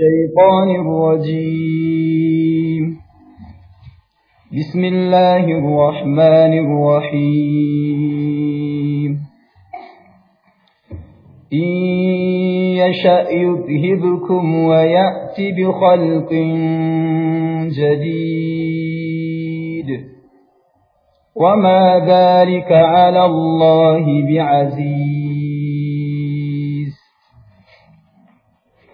الشيطان الرجيم بسم الله الرحمن الرحيم إن يشأ يذهبكم ويأت بخلق جديد وما ذلك على الله بعزيز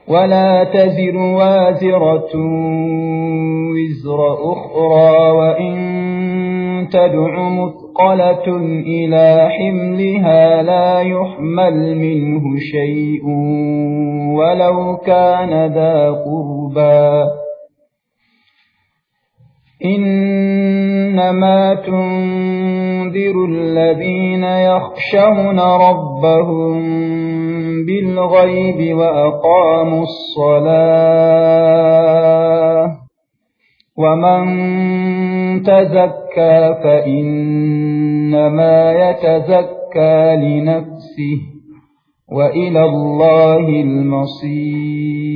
ولا تزر وازرة وزر أخرى وإن تدع مثقلة إلى حملها لا يحمل منه شيء ولو كان ذا قربا إنما تنذر الذين يخشون ربهم بالغيب وأقاموا الصلاة ومن تزكى فإنما يتزكى لنفسه وإلى الله المصير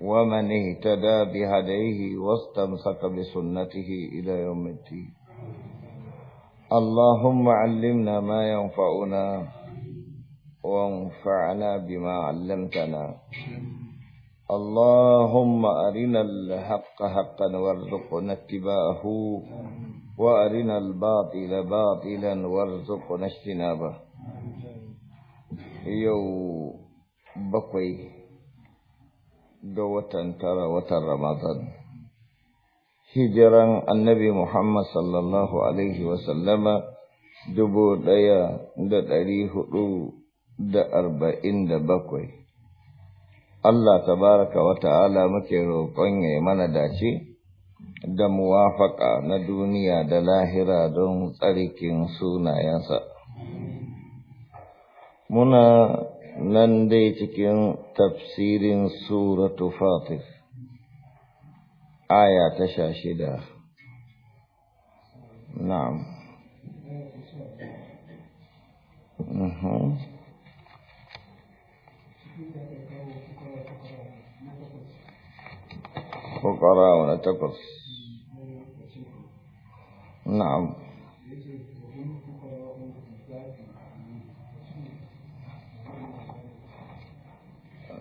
ومن اهتدى بهديه واستمسك بسنته إلى يوم الدين اللهم علمنا ما ينفعنا وانفعنا بما علمتنا اللهم أرنا الحق حقا وارزقنا اتباعه وأرنا الباطل باطلا وارزقنا اجتنابه يو بقي da watan tara watan Ramadan. Hijiran annabi Muhammad sallallahu Alaihi wasallama dubu ɗaya da ɗari hudu da arba'in da bakwai. Allah tabaraka wa ta'ala muke roƙon ya mana dace da muwafaƙa na duniya da lahira don tsarikin sunayensa. Muna nan dai cikin tafsirin suratu fatir aya ta sha shida na'am mhm.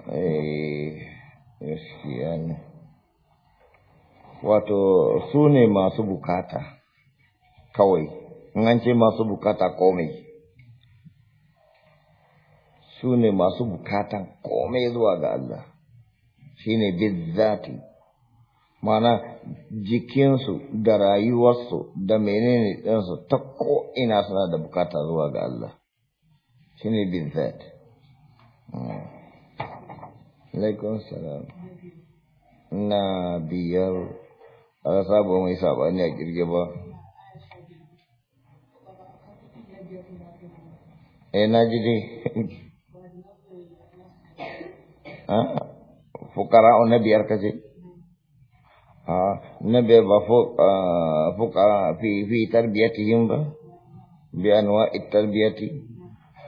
Eh, eh, wato su ne masu bukata kawai in ce masu bukata komai su ne masu bukatan komai zuwa ga Allah shi ne bizzati mana jikinsu da rayuwarsu da menene ɗansu ta ko'ina suna da bukata zuwa ga Allah shi ne bizzati hmm. Alaikun salam. Na biyar, ala sabo mai sabani a kirge ba. Eh na ji dai. Ah, fukara na biyar kaje. Ah, na biyar ba ah, fukara fi fi tarbiyatihim ba. Bi anwa'i tarbiyati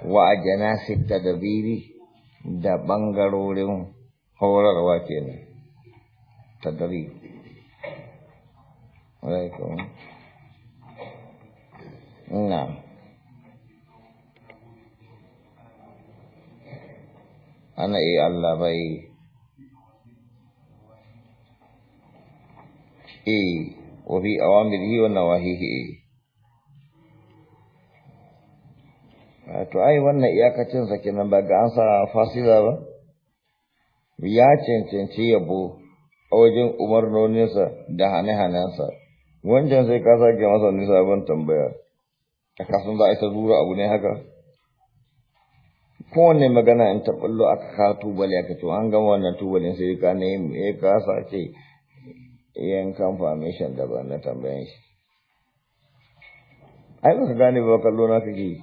wa ajanasi tadabiri da bangarorin horarwa kenan tadrib alaikum na'am ana iya Allah bai eh وفي أوامره ونواهيه to ai wannan iyakacinsa kenan ba ga an sa fasila ba ya cancanci yabo a wajen umarnoninsa da hane-hanensa wancan sai ka sake masa nisa sabon tambaya a kasan za a ta zura abu ne haka kowane magana in ta ɓullo aka ka tubali aka ce an gama wannan tubalin sai ka ne ya eh, ka ce yan confirmation da ba na tambayan shi ai ba ka gane ba kallo na kake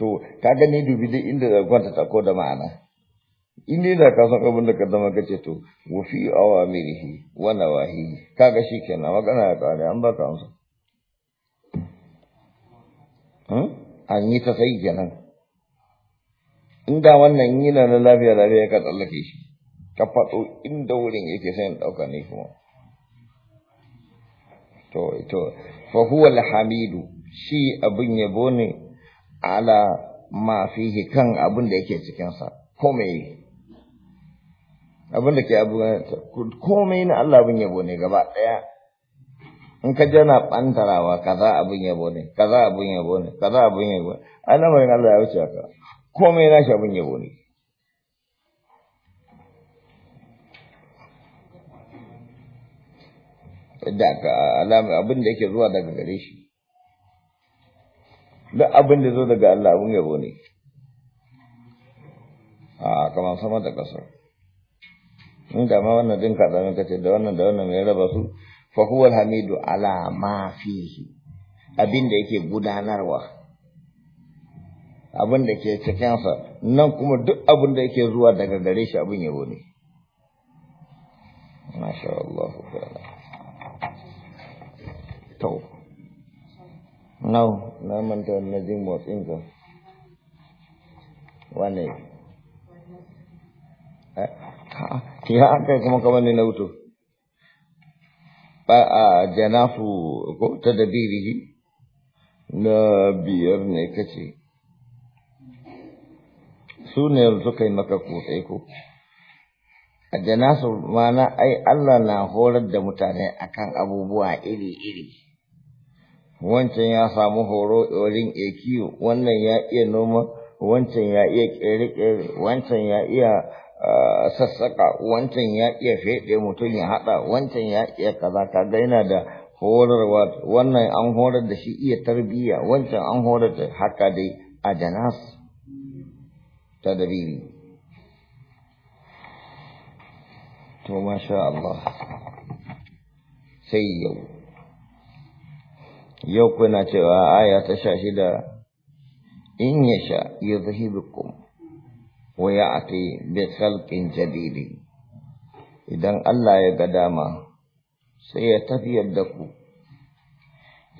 to ka gani dubi duk inda da ta tako da ma'ana in dai da ka san abin da ka dama ka ce to wa fi awamirihi wa nawahi shi kenan magana ya kare an ba ka amsa hmm? an yi ta sai kenan in da wannan yana na lafiya lafiya ka tsallake shi ka faɗo inda wurin yake sai in ɗauka ne kuma to to fa huwa alhamidu shi abin yabo ne ala ma fihi kan abin da yake cikin sa ko abin da ke abu komai na Allah abin yabo ne gaba ɗaya in ka na ɓantarawa kaza abin yabo ne kaza abin yabo ne kaza abin yabo ne al'amarin Allah ya wuce ka komai na shi abin yabo ne da abin da yake zuwa daga gare shi duk abin da zo daga Allah abin yabo ne a ah, kamar sama da ƙasar in da ma wannan din kaza ne kace da wannan da wannan mai raba su fa huwa alhamidu ala ma fihi abin da yake gudanarwa abin da ke cikinsa nan kuma duk abin da yake zuwa daga gare shi abin yabo ne masha Allah to nau na manta na jin motsin ka wane eh? to ya an kai kuma kamar ne na wuto ba a ah, janafu ko ta dabirihi na biyar ne kace su ne suka maka kutse ku. a ah, mana ai Allah na horar da mutane akan abubuwa iri-iri wancan ya samu horo wurin ekiyo wannan ya iya noma wancan ya iya kere-kere wancan ya iya Sassaka, wancan ya iya feɗe mutum ya haɗa wancan ya iya kaza kaga yana da horarwa wannan an horar da shi iya tarbiyya wancan an horar da haka dai a janas ta dabiri to masha Allah sai yau yau kuna cewa aya ta sha shida in ya sha ya zahibukum wa ya'ti bi khalqin jadidi idan Allah ya ga dama sai ya tafiyar da ku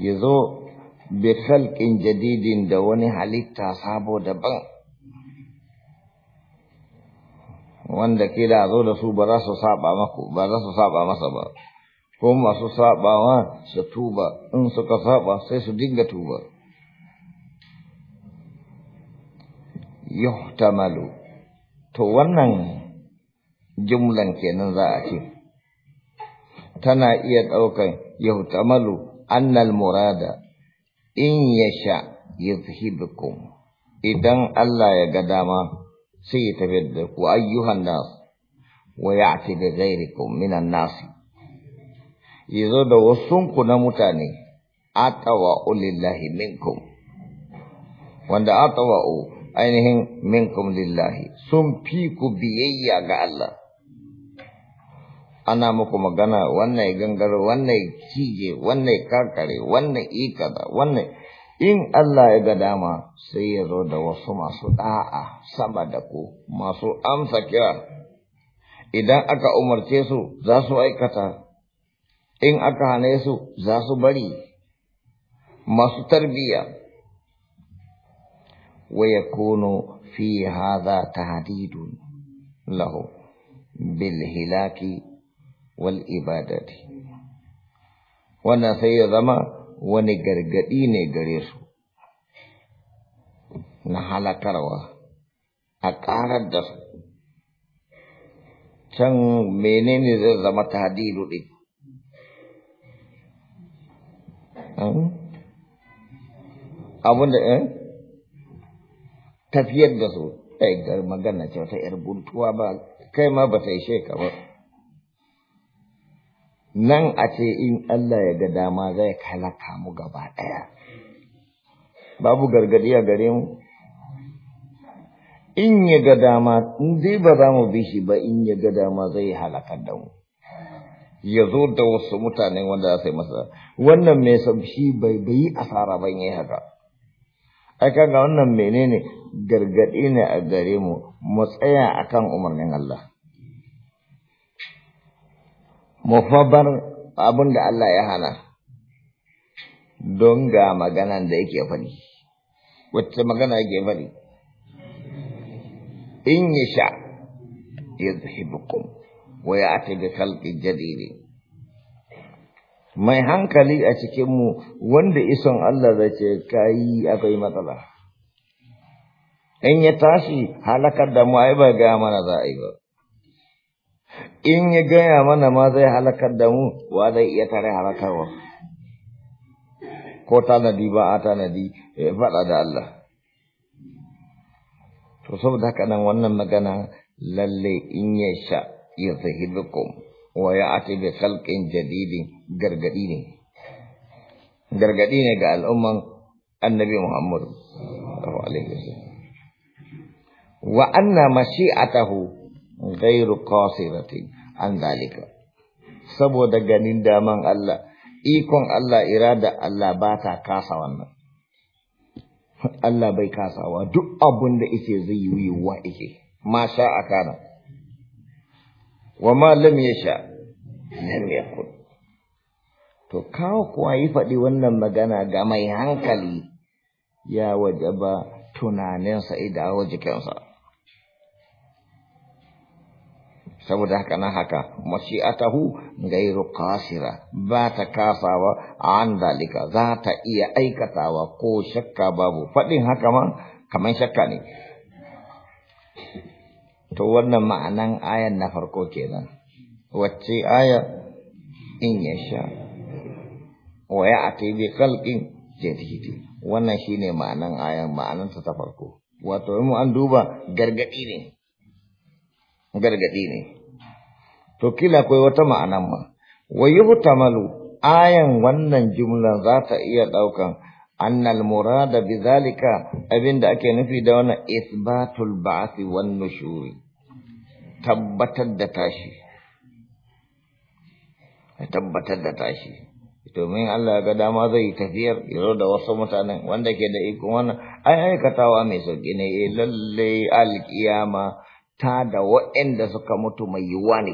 yazo bi khalqin jadidin da wani halitta sabo daban wanda kila zo da su ba za su saba maku ba za su saba masa ba ko masu sabawa su tuba in suka saba sai su dinga tuba yuhtamalu to wannan jumlan kenan za a ce tana iya ɗaukan yahtamalu annal murada in yasha yuzhibukum idan Allah ya ga dama sai ya tafi da ku ayyuhan nas wa ya'ti bi ghairikum minan nas yazo da wasunku na mutane atawa ulillahi minkum wanda atawa'u ainihin minkum lillahi sun fi ku biyayya ga Allah ana muku magana wannan gangaro wannan cije wannan karkare wannan ikada wannan in Allah ya ga dama sai ya zo da wasu masu da'a sama da ku masu amsa kira idan aka umarce su za su aikata in aka hane su za su bari masu tarbiyya Waya ويكون في هذا تهديد له بالهلاك والإبادة wannan sai ya zama wani gargadi ne gare su na halakarwa a ƙarar da su can menene zai zama tahdidu din abunda tafiyar da su ɗai ga magana ce ta yar buntuwa ba kai ma ba ta yi ba nan a ce in Allah ya ga dama zai halaka mu gaba ɗaya babu gargadi a gare mu in ya ga dama in dai ba za mu bi shi ba in ya ga dama zai halaka da mu ya zo da wasu mutane wanda za su yi masa wannan mai shi bai yi asara ban yi haka ai ga wannan menene gargaɗi ne a gare mu mu tsaya akan umarnin Allah mu fabar abin da Allah ya hana don ga maganan da yake faɗi wacce magana yake faɗi in yasha yadhhibukum wa ya'ti bi khalqin jadidin mai hankali a cikinmu wanda ison Allah zai ce kayi akwai matsala in ya tashi halakar da mu ai ba gaya mana za a yi ba in ya gaya mana ma zai halakar da mu wa zai iya tare halakarwa ko tanadi ba a tanadi ya faɗa da Allah to saboda haka nan wannan magana lalle in ya sha ya zahidukum wa ya ati bi khalqin jadidin gargadi ne gargadi ne ga al'umman annabi Muhammad sallallahu alaihi wasallam wa anna mashi'atahu ghairu qasiratin an dalika saboda ganin daman Allah ikon Allah irada Allah ba ta kasa wannan Allah bai kasawa duk abun da yake zai yi wa yake masha kana. wa ma lam yasha lam yakun to kawo kuwa yi faɗi wannan magana ga mai hankali ya wajaba tunaninsa idawo jikinsa saboda haka na haka mashi'atahu gairu kasira ba ta kasawa an dalika za ta iya aikatawa ko shakka babu faɗin haka ma kamar shakka ne to wannan ma'anan ayan na farko kenan wacce aya in ya sha wa ya ake bi kalkin jadidi wannan shi ne ma'anan ayan ma'anan ta farko wato mu an duba gargadi ne gargadi ne to kila akwai wata ma'anan ma wa yuhtamalu ayan wannan jumlan za ta iya daukan annal murada bizalika abinda ake nufi da wannan isbatul ba'thi wan nushur tabbatar da tashi tabbatar da tashi domin Allah ga dama zai tafiyar yaro da wasu mutanen wanda ke da iko wannan ai aikatawa mai sauki ne eh, lalle alkiyama ta da wa'anda suka mutu mai yiwuwa ne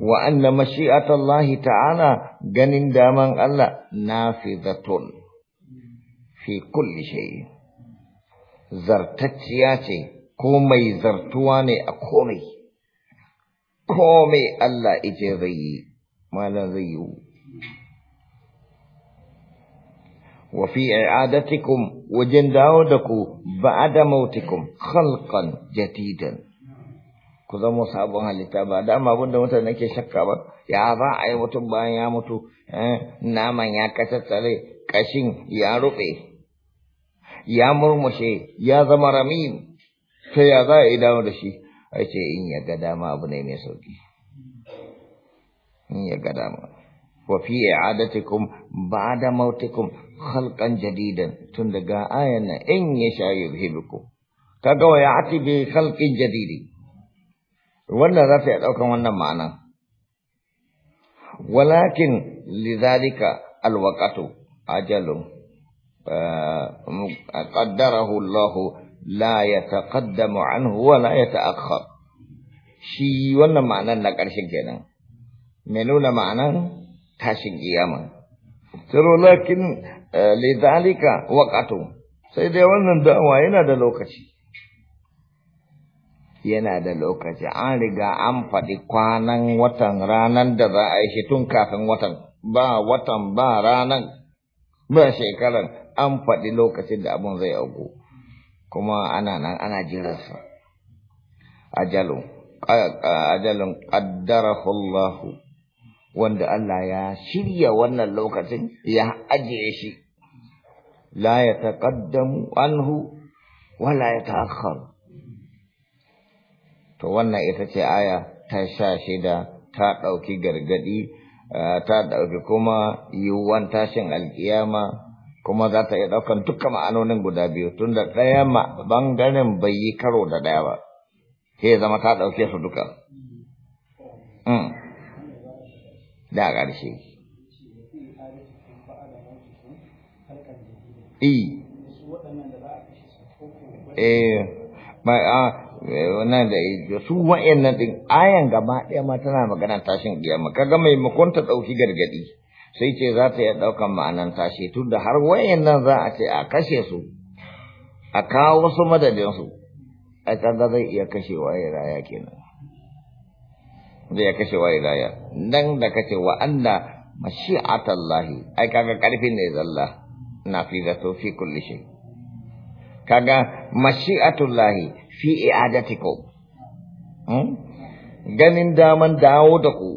وأن مشيئة الله تعالى جنن داما ألا نافذة في كل شيء زرتتياتي كومي زرتواني أكومي كومي الله إجري ما لذيو وفي إعادتكم وجنداودكم بعد موتكم خلقا جديدا ku zama sabon halitta ba dama abin da mutane ke shakka ba ya za a yi mutum bayan ya mutu eh, naman ya kacattare kashin ya rufe ya murmushe ya zama ramin sai ya za a yi dawo da shi a ce in ya ga dama abu ne mai sauki in ya ga dama wa fi i'adatikum ba'da mautikum khalqan jadidan tun daga ayan in ya sha yuzhibukum kaga wa ya'ti bi khalqin jadidin wannan za ta iya ɗaukan wannan ma'anan walakin lidhalika alwaqatu ajalun eh, qaddarahu Allah la yataqaddamu anhu wa la yata'akhkhar shi wannan ma'anan na ƙarshen kenan mai nuna ma'anan tashin kiyama tiro lakin eh, lidhalika waqatu sai dai wannan da'awa yana da lokaci yana da lokaci an riga an faɗi kwanan watan ranan da za a yi tun kafin watan ba watan ba ranan ba shekaran an faɗi lokacin da abin zai auku kuma ana nan ana jirarsa ajalun ajalun qaddarahu Allah wanda Allah ya shirya wannan lokacin ya ajiye shi la ya taqaddamu anhu wala ya ta'akhkhar to wannan ita ce aya ta sha shida ta ɗauki gargaɗi ta ɗauki kuma yiwuwan tashin alƙiyama kuma za ta iya ɗaukan dukkan ma'anonin guda biyu tun da ɗaya bangaren bai yi karo da ɗaya ba sai ya zama ta ɗauke su duka mm. da ƙarshe eh Eh, wannan da su nan din ayan gaba ɗaya ma tana magana tashin kiyama kaga maimakon ta ɗauki gargadi sai ce za ta iya ɗaukan ma'anan tashi da har nan za a ce a kashe su a kawo wasu madadin su a kaga zai iya kashewa ya raya kenan zai iya kashewa ya raya nan da kace wa anna mashi'atallahi ai kaga karfin ne zalla na fi kulli shay kaga mashi'atullahi fi i'adatikum hmm? ganin daman dawo da ku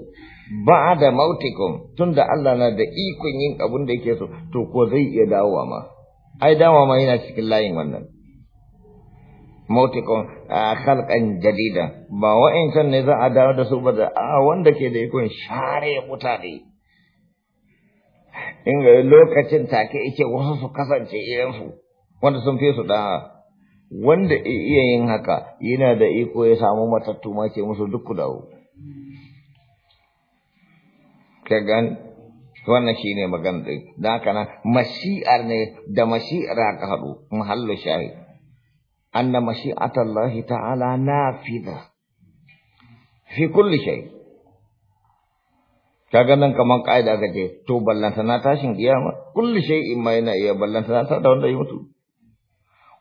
ba da mautikum tunda Allah na da ikon yin abin da yake so to ko zai iya dawowa ma ai dawowa ma yana cikin layin wannan mautikum khalqan jadida ba san ne za a dawo da su ba da a wanda ke da ikon share mutane in lokacin take yake wasu su kasance irin su wanda sun fi su da wanda iya yin haka yana da iko ya samu matattu ma ce musu duk dawo ka wannan shi magana din da haka nan mashi'ar ne da mashi'ar aka haɗu mahallu shahi anna Allah ta'ala na fi da. Fi kulli shay Ka ganin kaman kaida ce, to ballanta na tashin kiyama kulli shai in ma yana iya ballanta na ta da wanda ya mutu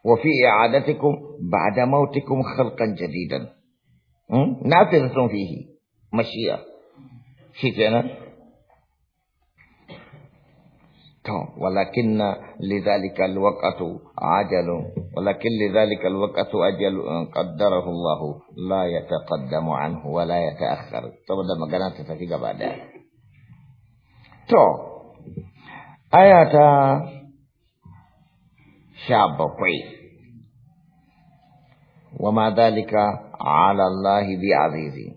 وفي إعادتكم بعد موتكم خلقا جديدا نافذة فيه مشيئة شكرا طيب، ولكن لذلك الوقت عجل ولكن لذلك الوقت أجل قدره الله لا يتقدم عنه ولا يتأخر طب ده مجانا تتفيق بعدها تو طيب، آياتا sha bakwai wa ma dalika ala Allah bi azizi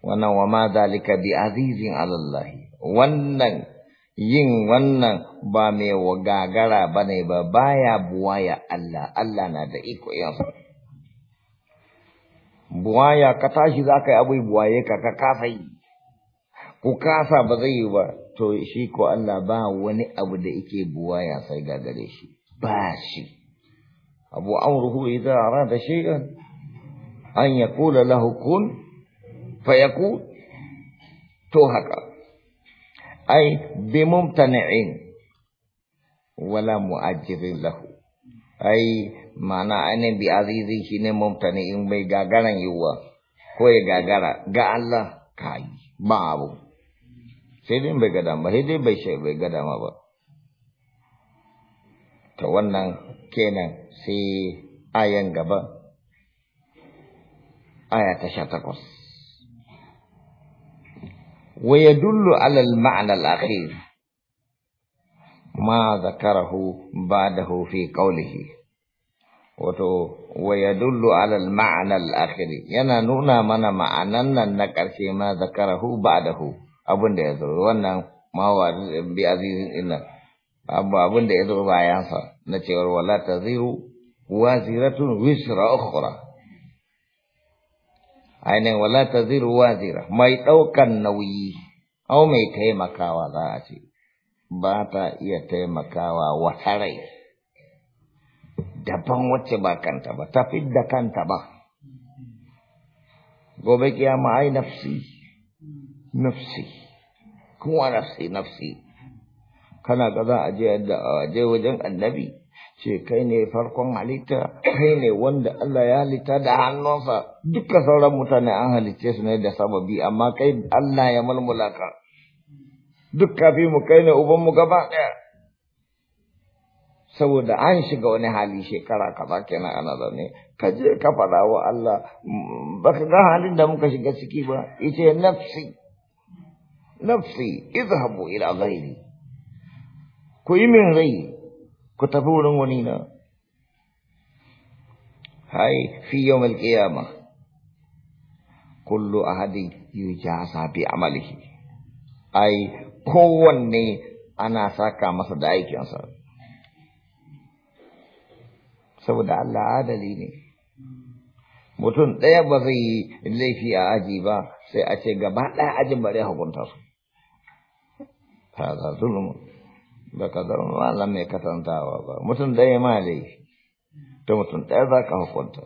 wannan wa ma dalika bi azizin ala Allah wannan yin wannan ba mai gagara ba ne ba baya buwaya Allah, Allah na da iko yansa. Buwaya ka tashi za ka yi abu buwaye ka ka kasa yi, ku kasa ba zai yi ba, to shi ko Allah ba wani abu da yake buwaya sai ga gare shi ba shi abu amruhu idza arada shay'an an yaqula lahu kun fayakun to haka ai bi mumtani'in wala mu'ajjirin lahu ai mana ane bi azizi shine mumtani'in bai gagaran yiwuwa ko ya gagara ga Allah kai babu sai dai bai gada ba dai bai shi bai gada ma ba ta wannan kenan sai ayan gaba aya ta sha takwas wa yadullu ala al-ma'na al-akhir ma zakarahu ba'dahu fi qawlihi wato wa yadullu ala al-ma'na al-akhir yana nuna mana ma'anan nan na karshe ma zakarahu ba'dahu abin da ya zo wannan mawa bi azizin illan abu abin da ya zo sa na cewar wala ta ziru waziratun wisra ukhra aine wala ta ziru wazira mai ɗaukan nauyi au mai taimakawa za a ce ba ta iya taimakawa wata rai daban wacce ba kanta ba ta fidda kanta ba gobe kiyama ai nafsi nafsi kuma nafsi nafsi kana ga za a je a wajen annabi ce kai ne farkon halitta kai ne wanda Allah ya halitta da hannunsa dukkan sauran mutane an halitta su ne da sababi amma kai Allah ya mulmula ka duk kafi mu kai ne uban mu gaba daya saboda an shiga wani hali shekara kaza kenan ana zaune ka je ka faɗa wa Allah mm, baka ga halin da muka shiga ciki ba ita nafsi nafsi izhabu ila ghairi ku yi min rai ku tafi wurin wani na hai fi yawmal qiyamah kullu ahadin yujasa bi amalihi ai kowanne ana saka masa da aikinsa saboda Allah adali ne mutum ɗaya ba zai yi laifi a aji ba sai a ce gaba ɗaya ajin bare hukunta su هذا ظلم بقدر ما لم يكتن تاوى متن داي ما mutum تو za ka hukunta.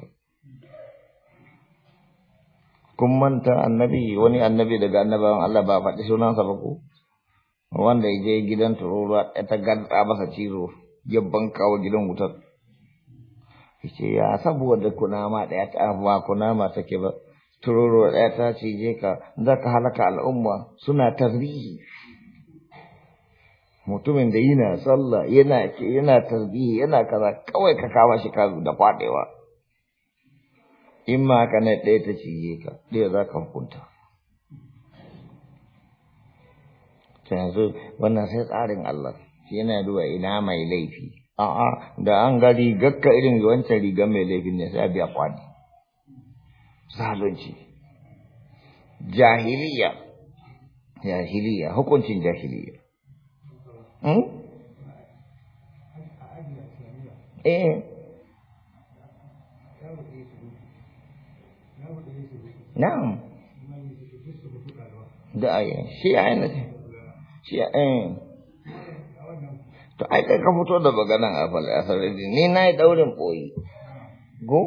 kun manta annabi wani annabi daga annabawan Allah ba faɗi sunansa ba ko wanda ya je gidan tururuwa ta gadda masa cizo ya banka wa gidan wutar ce ya saboda kunama ɗaya ta ba kunama take ba tururuwa ɗaya ta cije ka za ka halaka al'umma suna tarbihi mutumin da yana sallah yana ce yana tarbiyya yana kaza kawai ka kama shi ka da kwaɗewa. in ma ka na ta ciye ka ɗaya za ka hukunta ta yanzu wannan sai tsarin Allah shi yana duba ina mai laifi a'a da an ga rigarka irin wancan rigar mai laifin ne sai a biya kwani zalunci jahiliya jahiliya hukuncin jahiliya Hmm? Eh. Da shi shi eh to fito da maganan afal asarri ni nayi daurin boye go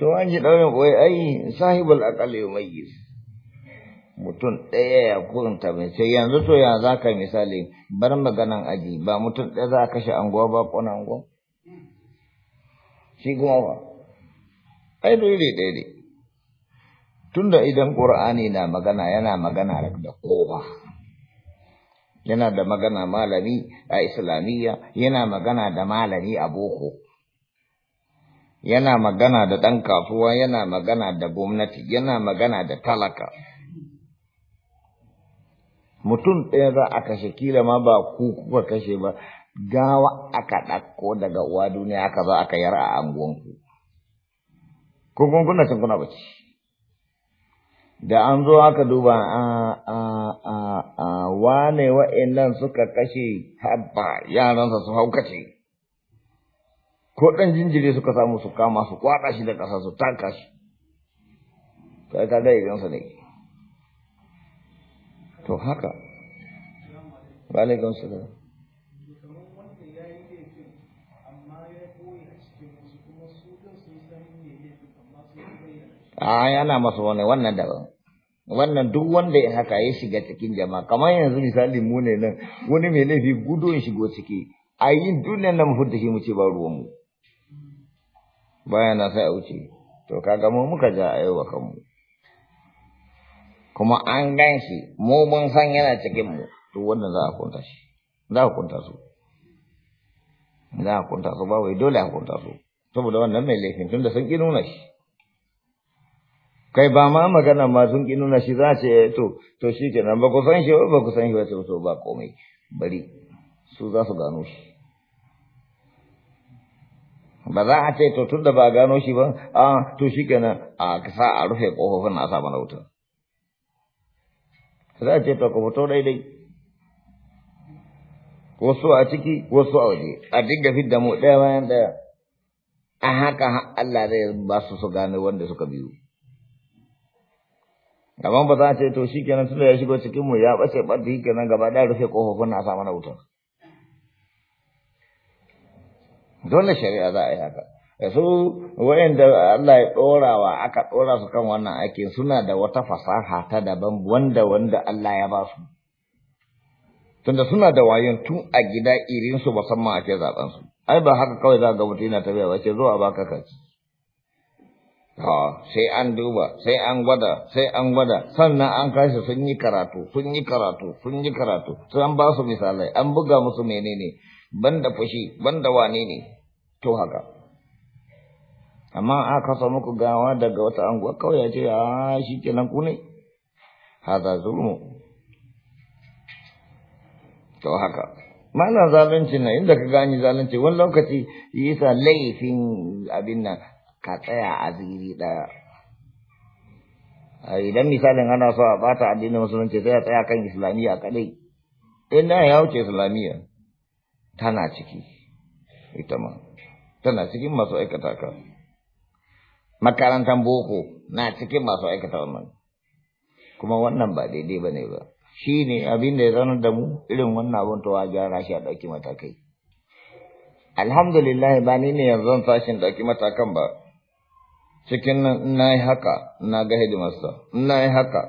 to an ji daurin boye ai sahibul aqal yumayyiz mutum ɗaya ya kurunta mai sai yanzu to ya za ka misali bar maganan aji ba mutum ɗaya za a kashe anguwa ba ƙona anguwa shi kuma ba ai dole ɗaya ne tunda idan ƙur'ani na magana yana magana da kowa yana da magana malami a islamiyya yana magana da malami a boko yana magana da ɗan kasuwa yana magana da gwamnati yana magana da talaka mutum ɗaya za a kashe kila ma ba ku kuka kashe ba gawa aka ɗakko daga uwa duniya aka zo aka yar a anguwanku ko kun kuna cin kuna bace da an zo aka duba a a a a wane wa'annan suka kashe habba yaransa su haukace ko ɗan jinjiri suka samu su kama su kwaɗa shi da ƙasa su taka shi kai ka ga idan ne to haka walaikun salam a yana masu wani wannan daban wannan duk wanda ya haka ya shiga cikin jama'a kamar yanzu misali mu ne nan wani mai laifi in shigo ciki a yi duniyar nan mu da shi mu ce ba ruwanmu baya na sai a wuce to kaga mu muka ja a yau kanmu kuma an gan shi mu mun san yana cikin mu to wannan za a kunta shi za a kunta su za a kunta su ba wai dole a kunta su saboda wannan mai laifin tunda sun ƙi nuna shi kai ba ma magana ma sun ƙi nuna shi za ce eh, to to shi nan ba ku san shi ba Ba ku san shi ba to ba komai bari su za su gano shi ba za a ce to tunda ba gano shi ba a ah, to shi kenan a kasa a rufe kofofin a sa mana wuta za a ce to ku dai daidai su a ciki su a waje a dinga fidda mu ɗaya bayan ɗaya a haka Allah zai ba su su gane wanda suka biyu gaban ba za a ce to shi kenan tunda ya shigo cikin mu ya bace ɓarta shi kenan gaba da rufe ƙofofin na sa mana wutar dole shari'a za a yi haka su wayanda Allah ya ɗorawa aka ɗora su kan wannan aikin suna da wata fasaha ta daban wanda wanda Allah ya ba su tunda suna da wayon tun a gida irin su musamman ake zaben su ai ba haka kawai za ga mutum yana tafiya ba ce zo a baka kaci sai an duba sai an gwada sai an gwada sannan an kashi sun yi karatu sun yi karatu sun yi karatu sai an ba su misalai an buga musu menene banda fushi banda wane ne to haka amma aka kasa muku gawa daga wata anguwa kawai ya ce a ah, shi kenan ku ne haza zulmu to haka mana zalunci na inda ka gani zalunci wani lokaci yi sa laifin abin nan ka tsaya a ziri daya idan misalin ana so a bata addinin musulunci sai a tsaya kan islamiyya kadai in na ya wuce islamiyya tana ciki ita ma tana cikin masu aikata ka makarantar boko na cikin masu aikata wannan kuma wannan ba daidai ba ne ba shi ne abin da ya zanar da mu irin wannan abin tawa a gyara shi a ɗauki matakai alhamdulillah ba ni ne yanzu zan tashin ɗauki matakan ba cikin nan na yi haka na ga hidimarsa na yi haka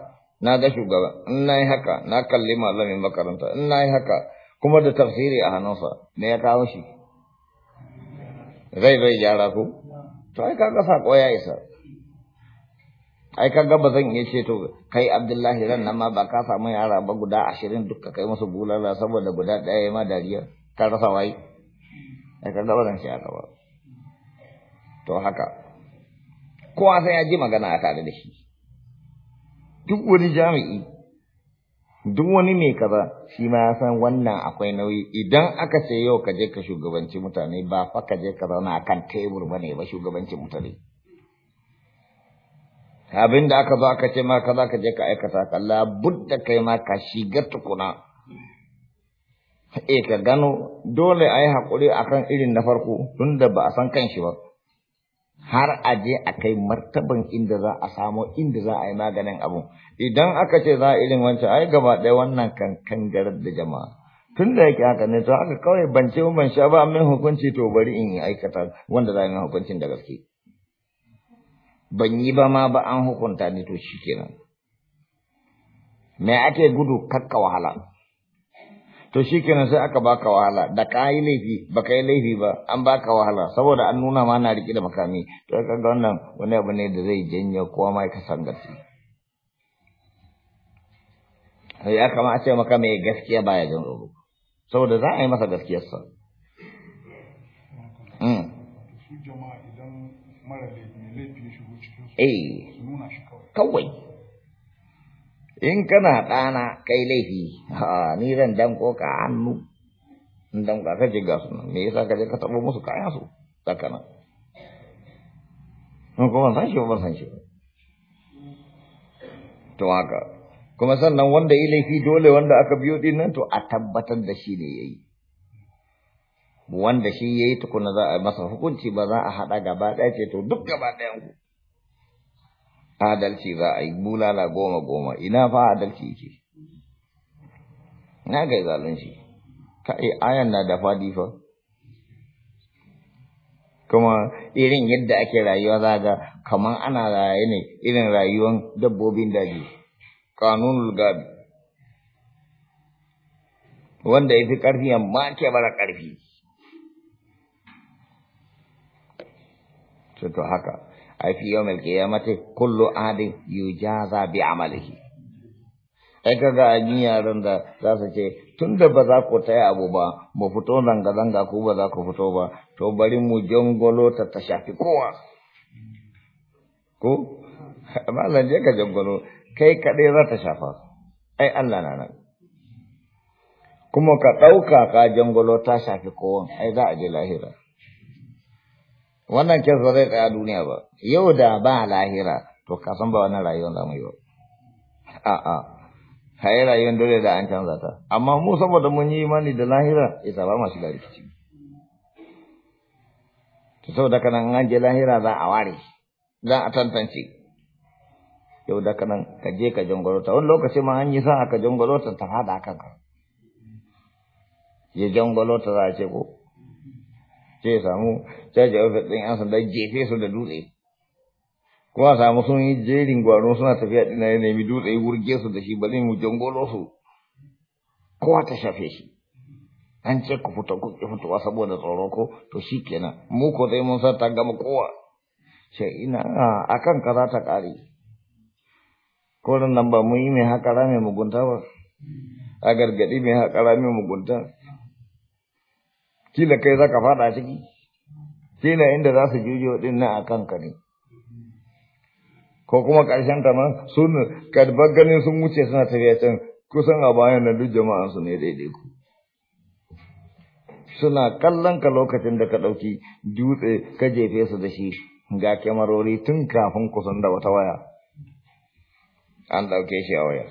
na ga shugaba na yi haka na kalli malamin makaranta na yi haka kuma da tafsiri a hannunsa me ya kawo shi zai zai gyara ku to ai kaga sako ya isa ai kaga ba zan iya ce to kai Abdullahi ran nan ma ba ka samu yara ba guda ashirin duk ka kai musu bulala saboda guda ɗaya ma dariya ka rasa wai ai kaga ba zan ce haka ba to haka kowa sai ya ji magana a tare da shi duk wani jami'i duk wani mai kaza shi ma ya san wannan akwai nauyi idan aka ce yau ka je ka shugabanci mutane ba fa ka je ka zauna kan tebur ba ne ba shugabancin mutane abin da aka zo aka ce ma ka za ka je ka aikata ka labudda kai ma ka shiga tukuna eh ka gano dole a yi haƙuri akan irin na farko tunda ba a san kan shi ba har a je a kai martaban inda za a samo inda za a yi maganin abu idan aka ce za a irin wancan ai gaba ɗaya wannan kan garar da jama'a tun da yake haka ne to haka kawai ban ce ban sha ba min hukunci to bari in yi aikata wanda za a yi hukuncin da gaske ban yi ba ma ba an hukunta ni to shikenan me ake gudu kakka wahala to shi kenan sai aka baka wahala da ka yi laifi ba ka yi laifi ba an baka wahala saboda an nuna ma na riƙe da makami to ka ga wannan wani abu ne da zai janyo kowa ma ka san gaske ya kama a ce maka mai gaskiya baya jin tsoro saboda za a yi masa gaskiyarsa hmm. Eh, kawai. in kana ɗana kai laifi Ha ni zan ko ka hannu in dan ka ga su me yasa ka je ka tabo musu kayan su tsakanin mun ko san shi ba san shi to haka kuma sannan wanda yi laifi dole wanda aka biyo din nan to a tabbatar da shi ne yayi wanda shi yayi tukuna za a masa hukunci ba za a haɗa gaba ɗaya ce to duk gaba ɗayan ku adalci za a yi bulala goma goma ina fa adalci yake na ga zalunci yi ayan na da faɗi fa kuma irin yadda ake rayuwa za ga kaman ana raye ne irin rayuwan dabbobin daji kanunul gabi wanda ya fi ƙarfi amma ke bara ƙarfi to haka ai fi yawmal qiyamati kullu ahadin yujaza bi amalihi ai kaga ni yaran da za su ce tunda ba za ku taya abu ba mu fito zanga zanga ku ba za ku fito ba to bari mu jangolo ta ta shafi kowa ko zan je ka jangolo kai kaɗai za ta shafa ai Allah na nan kuma ka ɗauka ka jangolo ta shafi kowa ai za a je lahira wannan kes ba zai tsaya duniya ba yau da ba lahira to ka san ba wannan rayuwar zamu yi ba a'a kai rayuwar dole da an canza ta amma mu saboda mun yi imani da lahira isa ba masu shiga rikici to saboda kana an je lahira za a ware za a tantance yau da kana ka je ka jangwaro ta wani lokaci ma an yi sa ka jangwaro ta ta fada kanka je jangwaro ta za a ce ko sai ya samu caji ofis yan sanda jefe su da dutse kuma samu sun jerin gwano suna tafiya ɗina ya nemi dutse ya wurge su da shi ba zai mu jangolo su kowa ta shafe shi an ce ku fito ku fitowa saboda tsoro ko to shi kenan mu ko mun san gama kowa akan kaza ta ƙare nan ba mun yi mai haƙara mugunta ba a gargaɗi mai haƙara mugunta kila kai za ka faɗa ciki kila inda za su jujo din na a kanka ne ko kuma ƙarshen ta ma sun karbar ganin sun wuce suna tafiya can kusan a bayan na duk jama'ansu ne daidai ku suna kallon ka lokacin da ka ɗauki dutse ka jefe su da shi ga kyamarori tun kafin kusan da wata waya an ɗauke shi a waya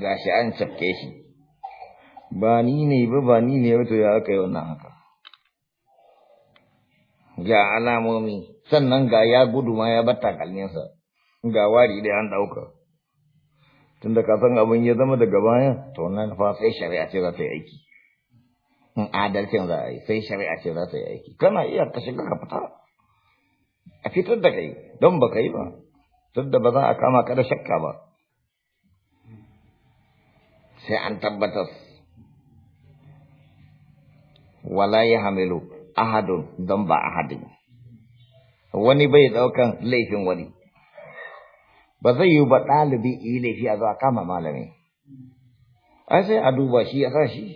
ga shi an cafke shi ba ni ne ba ba ni ne ba to ya aka yi wannan haka ga alamomi sannan ga ya gudu ma ya bar takalminsa ga wari da an ɗauka tunda ka san abin ya zama daga baya to nan fa sai shari'a ce za ta yi aiki in adalcin za a yi sai shari'a ce za ta yi aiki kana iya ka shiga ka fita a fitar da kai don ba kai ba tunda ba za a kama ka da shakka ba sai an tabbatar wala ya hamilu ahadun don ba ahadin wani bai daukan laifin wani ba zai yi ba ɗalibi yi laifi a zuwa kama malami ai sai a duba shi a sashi shi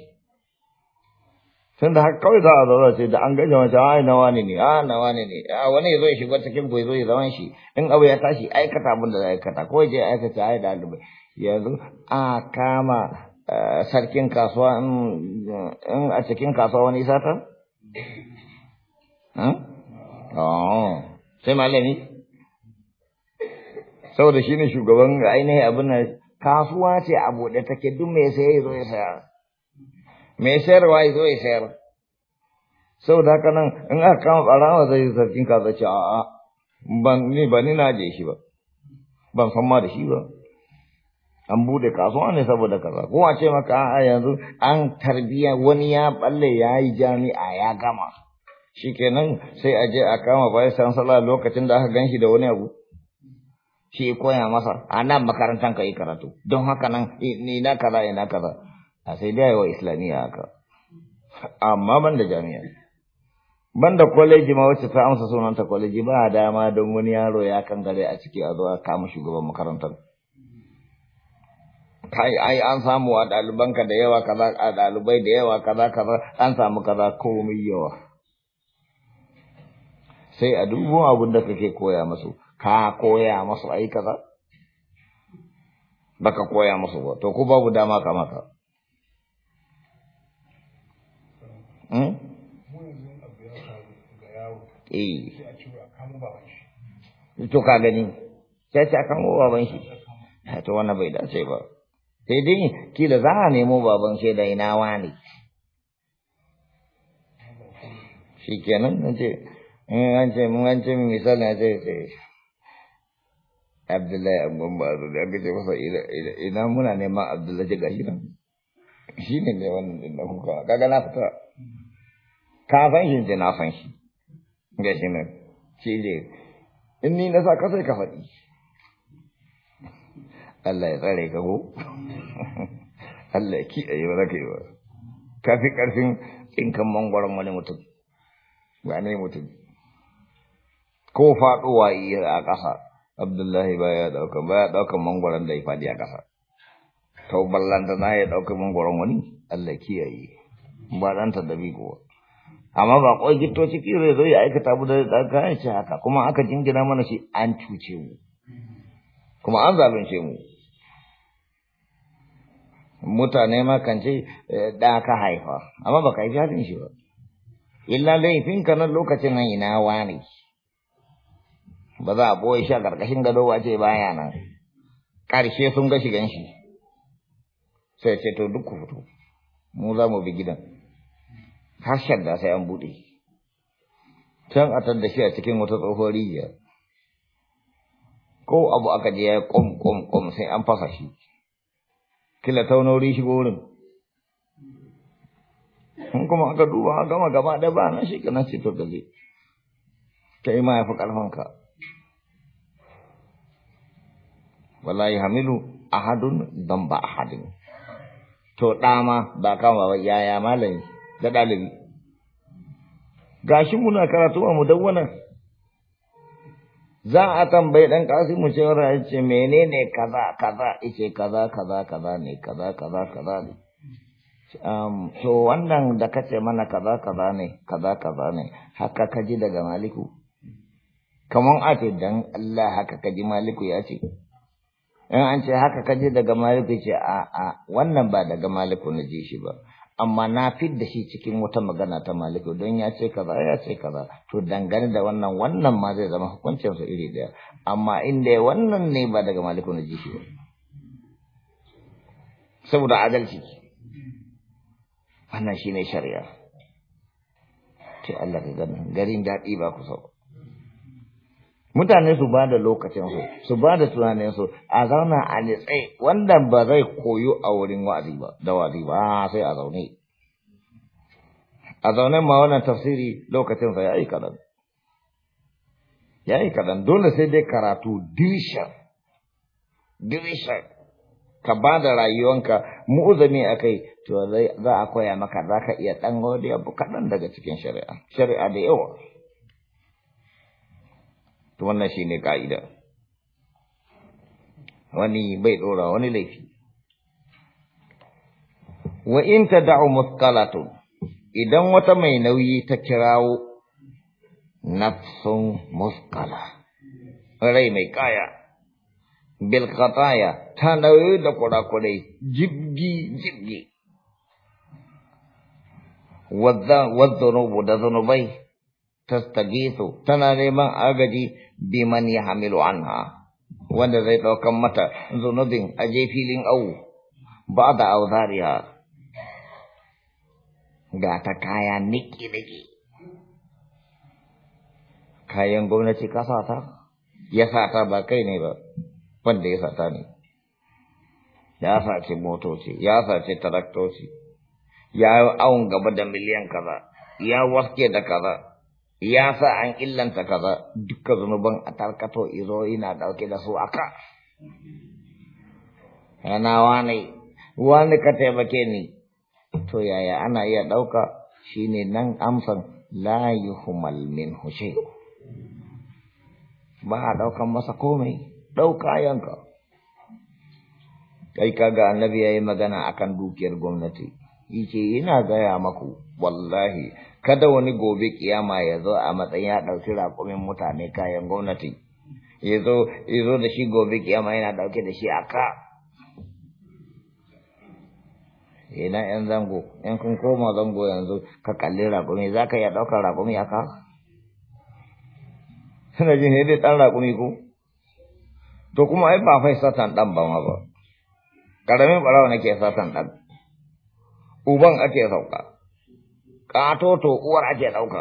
tun da haka kawai za a zaura sai da an gaji wancan ai na wani ne a ah, na wani ne a wani ya zo ya shiga cikin ku ya zo ya shi in abu ya tashi aikata abin da aikata ko je aikata ai da yanzu a kama Eh, sarkin kasuwa in a cikin kasuwa wani sata? Hmm? Oh, sai malami saboda shi ne shugaban ainihin abin nan kasuwa ce a buɗe take duk mai saye ya zo ya sayar mai sayarwa ya zo ya sayar saboda haka nan in aka kama ɓarawa zai yi sarkin kasuwa ce a'a ban ni ba ni na je shi ba ban san ma da shi ba an bude kasuwa ne saboda kaza ko a ce maka a yanzu an tarbiya wani ya balle ya yi jami'a ya gama shikenan sai a je a kama bayan san sala lokacin da aka ganshi da wani abu shi koya masa a nan makarantar ka yi karatu don haka nan ni na kaza ina kaza a sai da yawa islamiyya haka amma ban da jami'a ban da kwaleji ma wacce ta amsa sunanta kwaleji ba dama don wani yaro ya kangare a ciki a zuwa kama shugaban makarantar kai ai an samu a ɗalibanka da yawa kaza a ɗalibai da yawa kaza kaza an samu kaza komai yawa sai a dubo abin da kake koya masu ka koya masu ai kaza baka koya masu ba to ko babu dama ka maka hmm? eh to ka gani sai ta kan baban shi to wannan bai dace ba sai dai kila za a nemo baban shaida ina wani shi kenan na ce in an ce mun an ce min misali na ce ce abdullahi abubuwan ba da aka ce masa ina muna neman abdullahi ga shi nan shi ne ne wannan din da kuka kaga na fita ka san shi ce na san shi ga shi nan shi ne in ni na sa kasai ka faɗi Allah ya tsare ka ko Allah ya kiyaye ba zaka yi ba ka fi karfin tsinkan mangwaron wani mutum ba ne mutum ko faɗowa iya a ƙasa Abdullahi ba ya ɗaukan ba ya ɗaukan mangwaron da ya faɗi a ƙasa to ballanta na ya ɗaukan mangwaron wani Allah yi. ba dan ta dabi kuwa amma ba kawai gitto ciki zai zo ya aikata mu da kayan shi haka kuma aka jingina mana shi an cuce mu kuma an zalunce mu mutane ma kan ce da eh, ka haifa amma baka yi jarin shi ba illa laifin ka nan lokacin nan ina wani ba za a boye shi a ƙarƙashin gado ba ce baya nan ƙarshe sun ga shigan shi sai ce to duk ku fito mu za mu bi gidan harshen da sai an buɗe can a tadda shi a cikin wata tsohon rijiya ko abu aka je ya kom kom kom sai an fasa shi kila shi shigo wurin in kuma aka duba a gama gaba ɗaya ba na shi na ce to zai. ta yi ma ya fi ƙarfanka. wala yi hamilu hadun dan ba a hadun. to ɗama ba kama ba yaya malami da ɗalibi gashi muna karatu a mudawwana za a tambayi ɗan kasimu shawara ya ce menene kaza kaza ice kaza kaza kaza ne kaza kaza kaza ne to wannan da kace mana kaza kaza ne kaza kaza ne haka ka ji daga maliku kamar a ce dan Allah haka ka ji maliku ya ce in an ce haka ka ji daga maliku ce a a wannan ba daga maliku na ji shi ba amma na da shi cikin wata magana ta maliku don ya ce kaza ya ce kaza to dangane da wannan wannan ma zai zama hukuncin su iri daya amma inda ya wannan ne ba daga maliku na jishi ba saboda adalci wannan ne shari'a ce Allah ka gani garin daɗi ba ku sauka mutane su ba da lokacinsu su ba da tunaninsu a zauna a nitse wanda ba zai koyo a wurin wa'azi ba da wa'azi ba sai a zaune a zaune ma wannan tafsiri lokacinsa ya yi kadan ya yi kaɗan dole sai dai karatu dirishan dirishan ka ba da rayuwanka mu'uzami a kai to za a koya maka za ka iya ɗan godiya kaɗan daga cikin shari'a shari'a da yawa to wannan shine ka'ida wani bai dora wani laifi wa in tad'u muskalatu idan wata mai nauyi ta kirawo nafsun muskala rai mai kaya bil ta nauyi da kurakurai jibgi jibgi wadda wadda da zunubai tastagithu tana neman agaji biman ya hamilu anha wanda zai ɗaukar mata zunubin a filin awu ba da auzariya ga ta kaya niki-niki kayan gwamnati ka sata ya sata ba kai ne ba wanda ya sata ne ya sace motoci ya sace taraktoci ya yi awon gaba da miliyan kaza ya waske da kaza ya sa an illanta kaza dukkan zunuban a tarkato izo ina ɗauke da su aka yana wane wani ka taimake ni to yaya ana iya ɗauka shine nan amsan la yuhmal min hushe ba a ɗaukan masa komai ɗauka yanka kai kaga annabi yayi magana akan dukiyar gwamnati yake ina gaya maku wallahi kada wani gobe kiyama ya zo a matsayin ya dauki rakumin mutane kayan gwamnati ya zo izo da shi gobe kiyama yana dauke da shi aka ina yan zango yan kun koma zango yanzu ka kalli rakumi zaka ya dauka rakumi aka sana jin ne dai dan rakumi ko to kuma ai ba fa satan dan ba ma ba karamin barawa nake satan dan uban ake sauka so to uwar ake ɗauka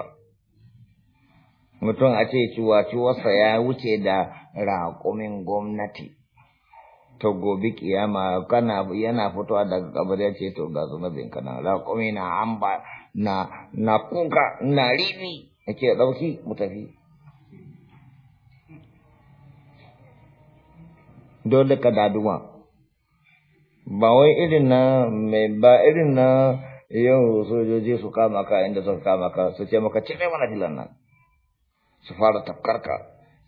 mutum a ce ciwa-ciwarsa ya wuce da raƙumin gwamnati ta gobe kiyama kana yana fitowa daga kabar ya ce to ga zunubin kana raƙumi na hamba na na kuka na ribi yake ɗauki mu tafi dole ka daduwa ba wai irin na ba irin na yau sojoji su kama ka inda suka maka ka su ce maka cire mana filan nan su fara tafkarka, ka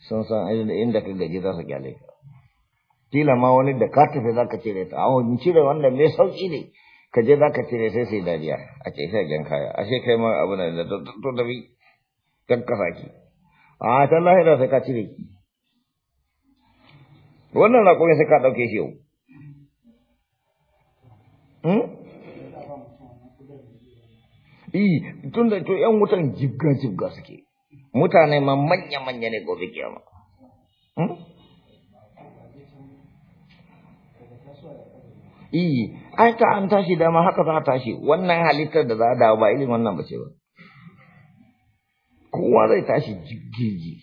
sun san inda ka gaji za su gyale ka kila ma wani da ka tafi za ka cire ta awon cire wanda mai sauki ne ka je za ka cire sai sai dariya a ce sai gyan kaya ashe kai ma abu na da to tafi kan kasa ki a ta lahira sai ka cire ki wannan raƙumin sai ka ɗauke shi yau hmm? eh tun da to yan wutan jibga jibga suke mutane ma manya manya ne gobe kiyama eh ai ta an tashi dama haka za a tashi wannan halittar da za a dawo ba irin wannan ba ce ba kowa zai tashi jibgege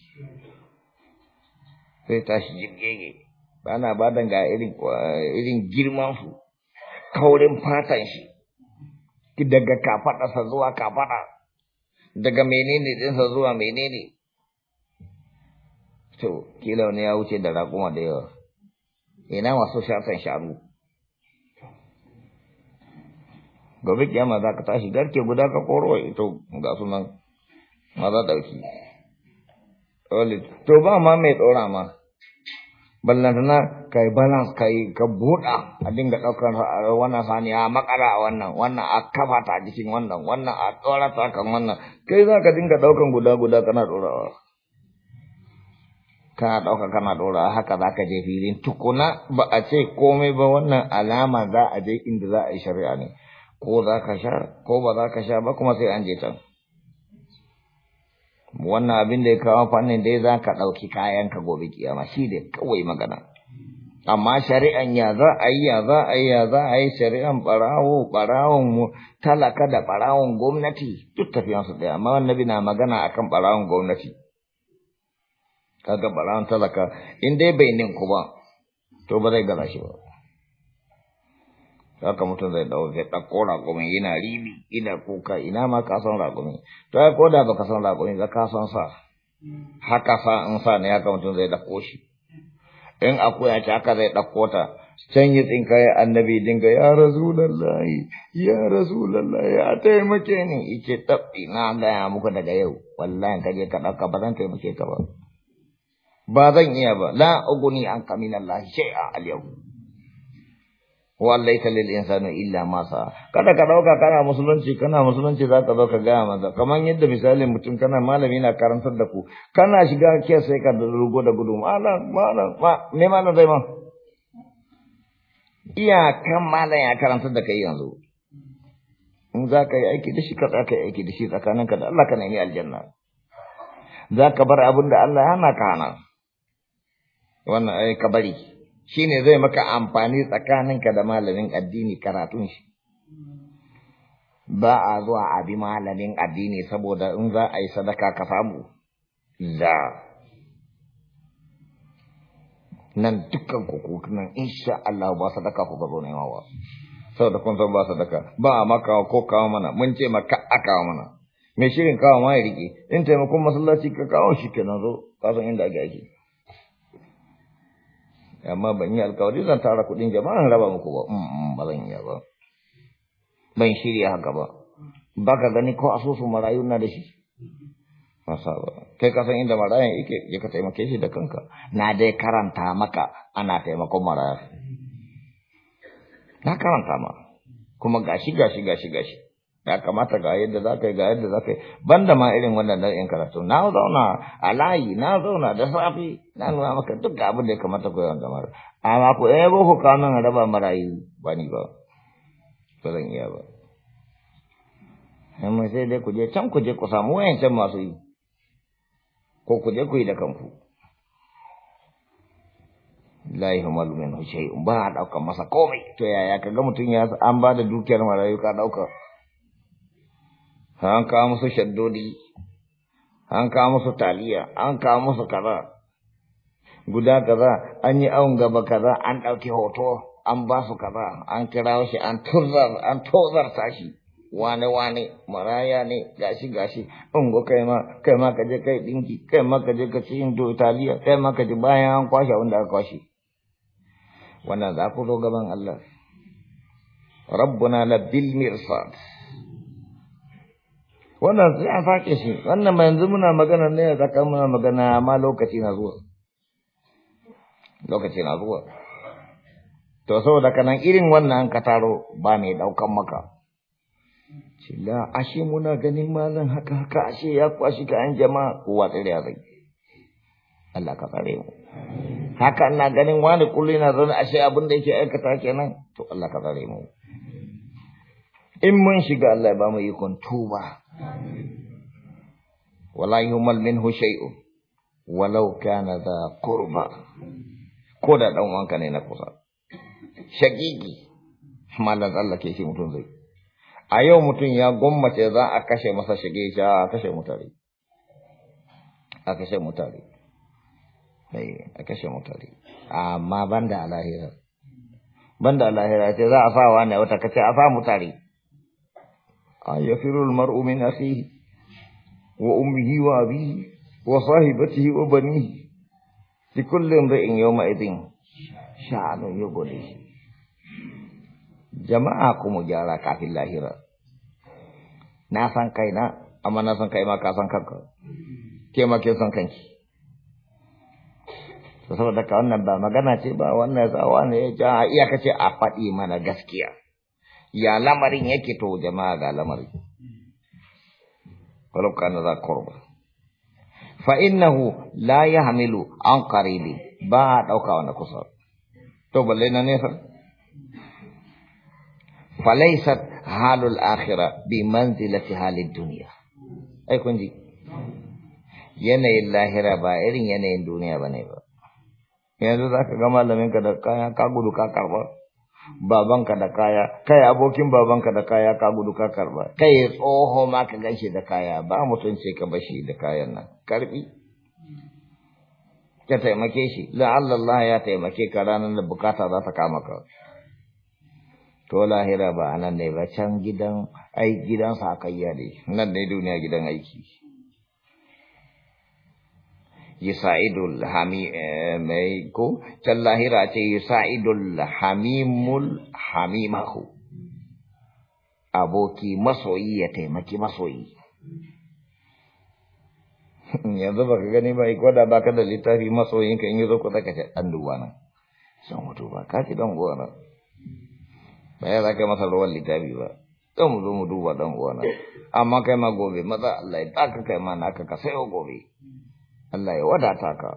zai tashi jibgege ba na ba ga irin girman su kaurin fatan shi daga kafaɗarsa zuwa kafaɗa, daga menene ɗinsa zuwa menene. To, kila wani ya wuce da raƙuma da yawa, ina masu shafin sharu. Gobe kiyama za ka tashi garke guda ka koro ito eh, ga sunan maza ɗauki. To ba ma mai tsora ma. ballantana ka yi balance ka ka buɗa a dinga ɗaukar wannan saniya a makara a wannan wannan a kafa ta jikin wannan wannan a tsora ta kan wannan kai za ka dinga ɗaukan guda guda kana ɗorawa kana ɗauka kana ɗorawa haka za ka je filin tukuna ba a ce komai ba wannan alama za a je inda za a yi shari'a ne ko za ka sha ko ba za ka sha ba kuma sai an je can wannan abin da ya kawo fannin dai za ka ɗauki kayanka gobe kiyama shi dai kawai magana amma shari'an ya za a yi ya za a yi ya za a yi shari'an ɓarawo ɓarawon talaka da ɓarawon gwamnati duk su ɗaya amma wannan na magana akan ɓarawon gwamnati kaga ɓarawon talaka in dai bai ninku ba to ba zai gana shi ba haka mutum zai dawo zai ɗauko raƙumi yana ribi ina kuka ina ma ka san raƙumi to ai ko da ka san raƙumi ba ka san sa haka sa in sa ne haka mutum zai ɗauko shi in akwai a ce haka zai ɗauko ta can yi tsinka ya annabi dinga ya rasulallahi ya rasulallahi ya taimake ni ice tabbi na gaya muku daga yau wallahi kaje ka ɗauka ba zan taimake ka ba ba zan iya ba la uguni an lahi shay'a al-yawm wallaita lil insani illa ma sa kada ka dauka kana musulunci kana musulunci za zo ka gaya maza kaman yadda misalin mutum kana malami na karantar da ku kana shiga kiyar sai ka rugo da gudu malam malam ma me malam zai ma iya kan malam ya karantar da kai yanzu in za ka yi aiki da shi ka za ka yi aiki da shi tsakanin ka, da Allah ka nemi aljanna za ka bar abin da Allah ya hana ka hana wannan ai ka bari shine zai maka amfani tsakaninka da malamin addini karatun shi ba a zuwa a bi malamin addini saboda in za a yi sadaka ka samu la nan dukkan kuku nan insha Allah ba sadaka ku ga zonai ba saboda kun san ba sadaka ba a maka ko kawo mana mun ce maka a kawo mana mai shirin kawo ma ya rike in taimakon masallaci ka kawo shi kenan zo kasan inda ake aiki amma ban yi alkawari zan tara kuɗin jama'a raba muku ba mm, mm, ba zan yi ba ban shirya haka ba ba ka gani ko asusun marayu na da shi masa ba kai ka san inda marayan yake ya ka taimake shi da kanka na dai karanta maka ana taimakon maraya na karanta ma kuma gashi gashi gashi gashi ya kamata ga yadda za ka yi ga yadda za ka yi ban da ma irin wannan nau'in karatu na zauna a layi na zauna da safi na nuna maka duk abin da ya kamata ku yawan gamar amma ku ɗaya boko kanun raba marayu ba ni ba ba zan iya ba amma sai dai ku je can ku je ku samu wayancan masu yi ko ku je ku yi da kanku lahi malu min shay'un ba a dauka masa komai to yaya ga mutum ya an da dukiyar marayu ka ɗaukar an kawo musu shaddodi an kawo musu taliya an kawo musu kaza guda kaza an yi awon gaba kaza an ɗauki hoto an ba su kaza an kira shi an tozar an tozarta shi wane wane maraya ne gashi gashi ungo kai ma kai ma kaje kai dinki kai ma kaje ka ci indo taliya kai ma kaje bayan an kwashe wanda aka kwashe wannan za ku zo gaban Allah rabbuna labil mirsad wannan sai an fake shi wannan ma yanzu muna magana ne da kan muna magana amma lokaci na zuwa lokaci na zuwa to saboda kanan irin wannan ka taro ba mai daukan maka cilla ashe muna ganin malam haka haka ashe ya kwashi ka an jama'a kowa tsare ya zai Allah ka tsare mu haka ina ganin wani kullu na zaune ashe abin da yake aikata kenan to Allah ka tsare mu in mun shiga Allah ya ba mu ikon tuba wala yumal minhu shay'un walau kana da qurba ko da dan wanka ne na kusa shagigi malan Allah ke shi mutun zai a yau mutum ya gwammace za a kashe masa shige sha a kashe mutare a kashe mutare bai eh, a kashe mutare amma banda Alahira. lahira banda Alahira lahira ce za a sa ne wata kace a sa mutare wa يفر المرء من أخيه وأمه وأبيه وصاحبته وبنيه لكل امرئ يومئذ شأن يبليه jama'a ku mu gyara kafin lahira na san kaina amma na san kai ma ka san kanka ke ma ke san kanki saboda ka wannan ba magana ce ba wannan zawa ne ya ja iya kace a faɗi mana gaskiya ya lamarin yake to jama'a ga lamarin walau kana za kurba fa innahu la hamilu an karibi ba a dauka wani kusa to balle na nesa Falaisar halul akira bi manzilati halid halin duniya. ji yanayin lahira ba irin yanayin duniya bane ba yanzu za ka ga malamin ka da kaya ka gudu ka karba babanka da kaya kai abokin babanka da kaya ka gudu ka karba kai tsoho ma ka ganshi da kaya ba mutunce ka bashi da kayan nan karbi ka taimake shi la'allallah Allah ya taimake ka ranar da bukata za ta kama ka to lahira ba anan ne ba can gidan ai gidan sakayya ne nan ne duniya gidan aiki yusa'idul hami eh, mai lahira ce yusa'idul hamimul hamimahu ya gani ba da da littafi in yi zo ku zaka ce ɗan nan san hoto ba ka ci ɗan uwa nan ba ya za masa ruwan littafi ba don mu zo mu duba uwa nan amma kai ma gobe maza Allah ya kai ma naka ka sayo gobe Allah ya wadata ka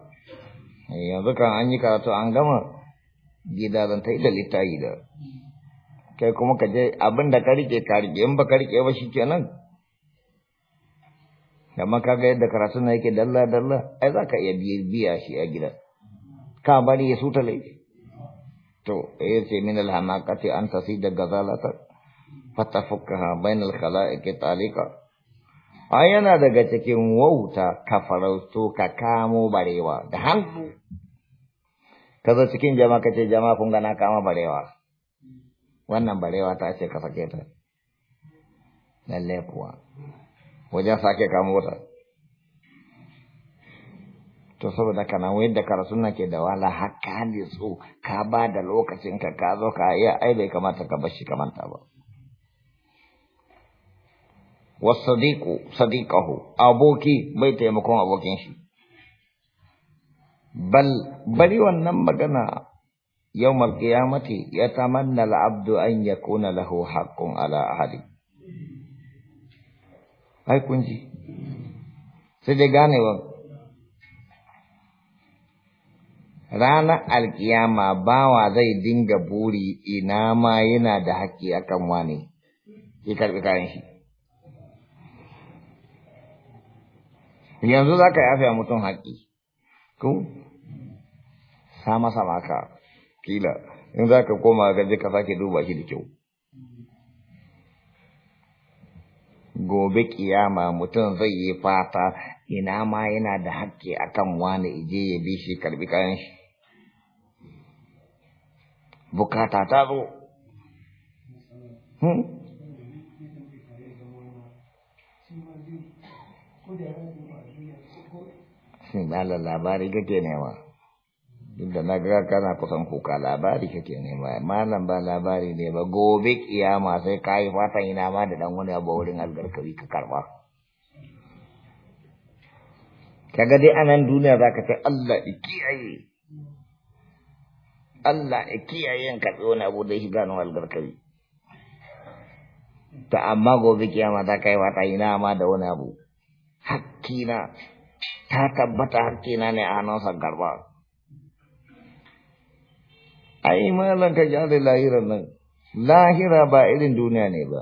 eh, yanzu kan an yi karatu an gama gida zan ta da littayi da kai kuma ka je abin da ka rike ka rike in ba ka rike ba shi shikenan amma ka ga yadda karatu na yake dalla dalla ai za ka iya biya shi a gida ka bari ya suta laifi to ya ce min alhamakati an tasi da gazalata fatafukka bainal khala'iqi talika a yana daga cikin wauta ka farauto ka kamo barewa da hannu ka zo cikin jama'a ka ce jama'a kun gana kama barewa wannan barewa ta ce ka sake ta lalle kuwa wajen sake kamo ta to saboda kana wayar da karasu na ke da wala haka ne so ka ba da lokacin ka ka zo ka yi ai bai kamata ka bar shi kamanta ba wasadiku sadiqahu aboki mai taimakon abokin shi bal bari wannan magana yawmal qiyamati yatamanna al-abdu an yakuna lahu haqqun ala ahli ai kun sai dai ganewa ranar alkiyama bawa zai dinga buri ina ma yana da haƙƙi akan wane ya karɓi kayan shi yanzu za ka yafe mutum haƙi ko sama sama ka kila in za ka koma gaji ka sake duba shi da kyau gobe kiyama mutum zai yi fata ina ma yana da haƙƙi akan wani ije ya bi shi karbi kayan shi bukata ta zo hmm? mala labari kake nema duk da na kana kusan kuka labari kake nema malam ba labari ne ba gobe kiyama sai ka yi fatan ina ma da dan wani abu wurin algarkari ka karba kaga dai nan duniya zaka ce Allah ya kiyaye Allah ya kiyaye ka wani abu da shiga nan algarkari ta amma gobe kiyama za ka yi fatan ina ma da wani abu hakkina ta tabbata hakkina ne a hannunsa garba ai malan ka gyara lahirar nan lahira ba irin duniya ne ba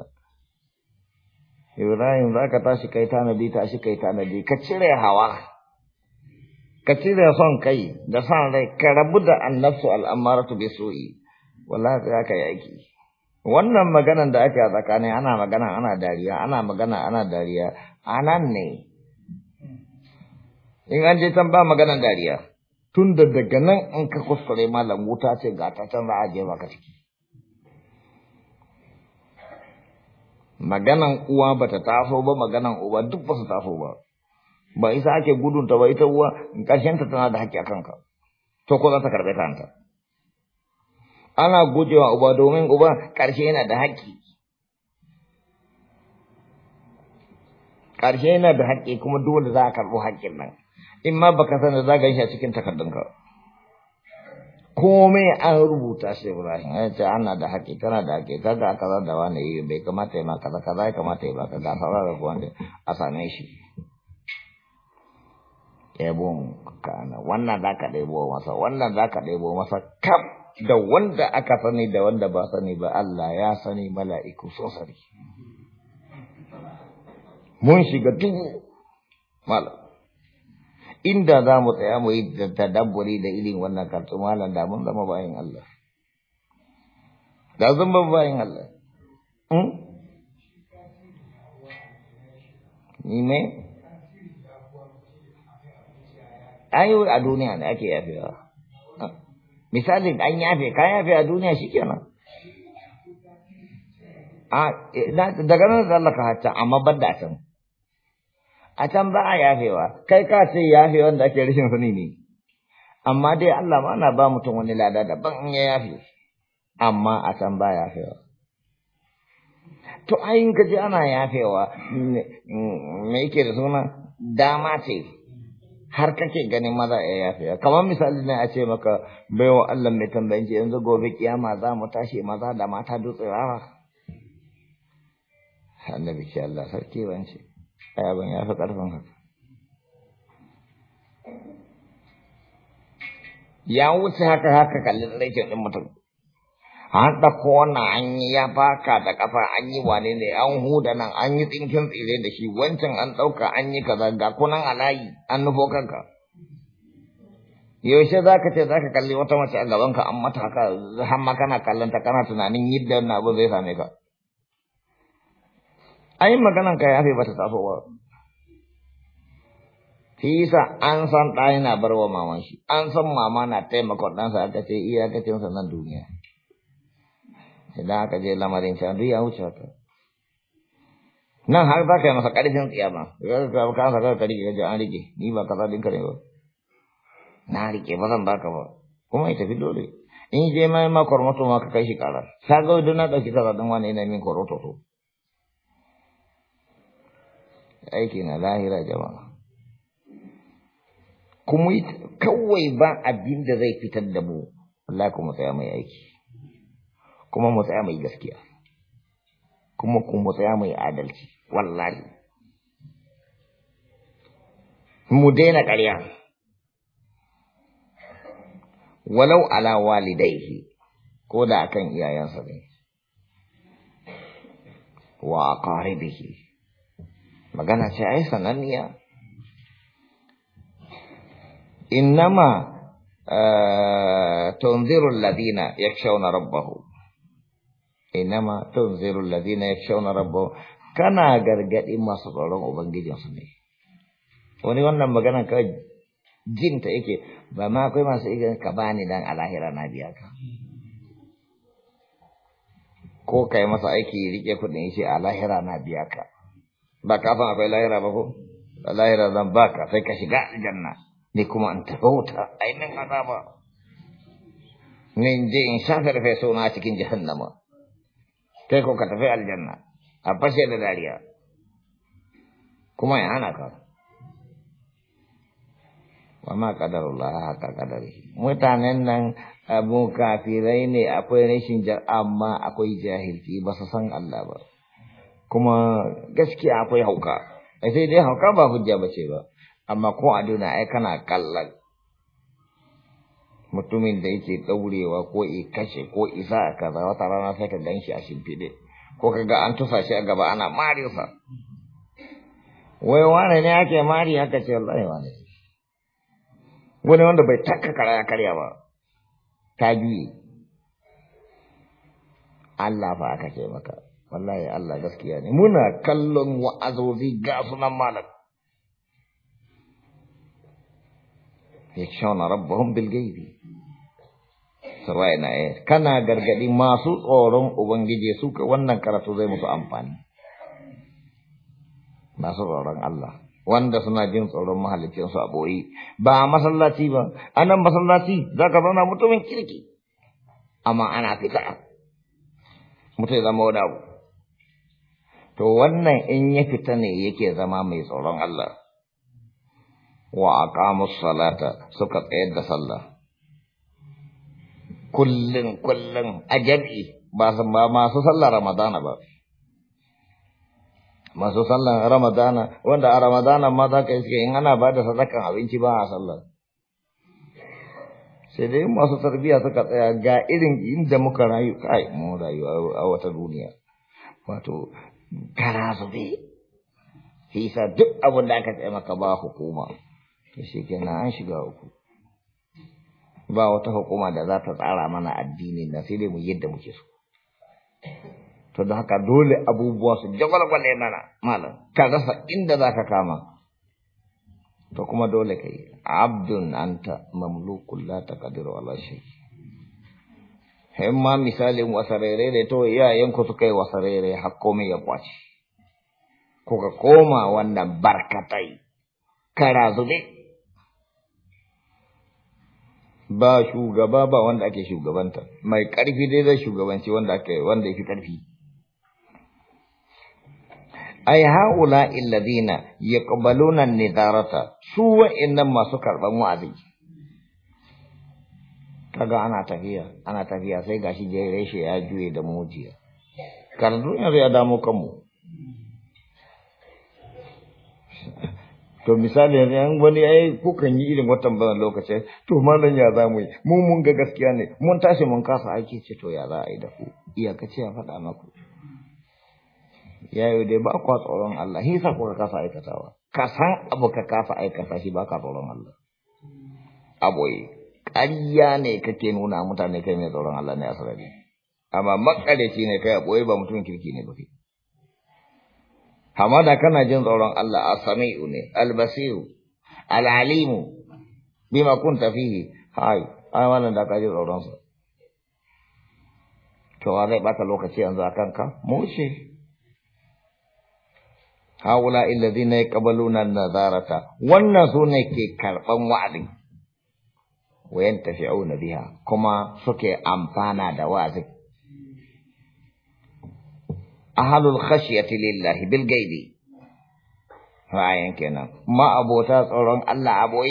ibrahim za ka tashi kai tanadi tashi kai tanadi ka cire hawa ka cire son kai da son rai ka rabu da annabsu al'amaratu bai su'i wallahi za ka yi aiki wannan maganan da ake a tsakanin ana magana ana dariya ana magana ana dariya anan ne in an je can ba magana dariya tun da daga nan an ka kuskure malam wuta ce ga ta can za a je maka ciki maganan uwa ba ta taso ba maganan uba duk ba su taso ba ba isa ake gudunta ba ita uwa in ƙarshenta tana da haƙƙi a kanka to ko za ta karɓe kanta ana gujewa uba domin uba ƙarshe yana da haƙƙi ƙarshe yana da haƙƙi kuma dole za a karɓo haƙƙin nan in ma baka san da zagan shi a cikin takardunka komai an rubuta shi Ibrahim ya ce ana da haƙi kana da haƙi kaga kaza da wani yi eh, bai kamata ya ma kaza kaza ya kamata ya baka ga fara da wanda a same shi ebon kana wannan za ka ɗebo masa wannan za ka ɗebo masa kam da wanda aka sani da wanda ba sani ba Allah ya sani mala'iku sun sani mun shiga duk mala'iku inda za mu tsaya mu yi tadabburi da irin wannan kartu malam da mun zama bayan Allah da zan ban bayan Allah hmm? ni ne ayo a duniya ne ake yafewa misalin an yafe ka yafe a duniya shikenan ah, eh, a daga nan da ka hatta amma ban da can a can ba a yafewa kai ka ce yafe wanda ake rashin sani ne amma dai Allah ma ana ba mutum wani lada daban in ya yafe amma a can ba yafewa to ayin ka ji ana yafewa me yake da suna dama ce har kake ganin maza ya yafewa kamar misali ne a ce maka baiwa Allah mai tambayin yanzu gobe kiyama za mu tashi maza da mata dutse annabi shi Allah sarki wance abin ya fi ƙarfin haka ya wuce haka haka kalli tsirrakin ɗin mutum an ɗauko wannan an yi ya baka da kafa an yi wane ne an huda nan an yi tsinkin tsire da shi wancan an ɗauka an yi kaza ga kunan alayi an nufo kanka yaushe za ka ce za ka kalli wata mace a gabanka an mata haka har ma kana kallon ta kana tunanin yadda wannan abu zai same ka ai maganan kai yafe bata taso ba an san ta yana bar maman shi an san mama na taimakon sa aka ce iya iyakacinsa na duniya idan aka je lamarin can duk ya wuce haka nan har ba ka masa karfin tsiyama za ka ka sa ka rike ga an rike ni ba kaza din kare ba na rike ba zan baka ba kuma ita tafi dole in je mai ma kwarmato ma ka kai shi karar sa ga da ɗauki da dan wani ina min to aikina lahira jama'a kuma kawai ba abin da zai fitar da mu Allah kuma tsaya mai aiki kuma mu tsaya mai gaskiya kuma kuma tsaya mai adalci wallahi mu daina ƙarya walau ala walidaihi ko da akan iyayensa ne wa aqaribihi magana ce ai sananniya innama تنذر الذين يخشون ربهم innama tunziru alladina yakshawna rabbahu kana gargadi masu tsoron ubangijinsu ne wani wannan magana ka jin ta yake ba ma akwai masu igan ka bani dan alahira na biya ka ko kai masa aiki rike kudin shi alahira na biya ka ba kafin akwai lahira ba ko lahira zan baka sai ka shiga aljanna ni kuma an tafi wuta ainihin azaba nin je in sha karfe suna cikin jahannama kai ko ka tafi aljanna a fashe da dariya kuma ya hana ka wa ma kadarullah haka kadari mutanen nan abu kafirai ne akwai rashin jar amma akwai jahilci ba su san Allah ba kuma gaskiya akwai hauka sai dai hauka ba hujja ba ce ba amma ko a duna ai kana kallar mutumin da yake daurewa ko i kashe ko isa a kaza wata rana sai ka gan shi a shimfiɗe ko kaga an tufa shi a gaba ana marisa wai wane ne ake mari haka ce wallahi wane wani wanda bai takka kara ya karya ba ta juye Allah fa aka ce maka wallahi Allah gaskiya ne muna kallon wa'azozi ga sunan malam yakshawna rabbahum bil ghaibi sura ina eh kana gargadi masu tsoron ubangije su ka wannan karatu zai musu amfani masu tsoron Allah wanda suna jin tsoron mahalicin su aboyi boye ba masallaci ba anan masallaci zaka zauna mutumin kirki amma ana fita mutai zama wani abu to wannan in ya fita ne yake zama mai tsoron Allah wa aqamus salata suka tsayar da sallah kullun kullun a ba san ba masu sallar ramadana ba masu sallar ramadana wanda a ramadana ma za ka yi in ana ba da sadakan abinci ba a sallar sai dai masu tarbiya suka tsaya ga irin inda muka rayu kai mu rayuwa a wata duniya wato kana zube shi sa duk abin da aka tsaye maka ba hukuma to shi kenan an shiga uku ba wata hukuma da za ta tsara mana addini na sai dai mu yadda muke so to da haka dole abubuwa su jagwalgwale nana malam ka rasa inda za ka kama to kuma dole ka yi abdun anta mamlukun la taqdiru ala shay Hemma misalin wasarere to iyayenku suka yi wasarere har komai ya kwace kuka koma wannan barkatai kara zube ba shugaba ba wanda ake shugabanta mai karfi dai zai shugabanci wanda ake wanda yake karfi ay haula alladhina yaqbaluna an-nidarata su wa'annan masu karban wa'azi kaga ana tafiya ana tafiya sai gashi jere shi ya juye da mujiya karatun duniya ya damu kanmu to misali yanzu wani ai kukan yi irin watan bana lokaci to malam ya za mu yi mu mun ga gaskiya ne mun tashi mun kasa aiki ce to ya za a yi da ku ya faɗa maku yayo dai ba kwa tsoron Allah shi sa kuka kasa aikatawa ka san abu ka kafa aikata shi ba ka tsoron Allah aboye ƙarya ne kake nuna mutane kai mai tsoron Allah ne sarari. amma makareci ne kai a boye ba mutum kirki ne ba ke. hamada kana jin tsoron Allah a samiu ne al-basiru al-alimu bima hai ai wannan da ka ji tsoron su. zai bata lokaci yanzu akan ka mushe haula alladhina yaqbaluna an-nazarata wannan sune ke karɓan wa'adin وينتفعون بها كما سكي أمبانا دوازك أهل الخشية لله بالغيب نعم. ما أبو تاسعون ألا أبوي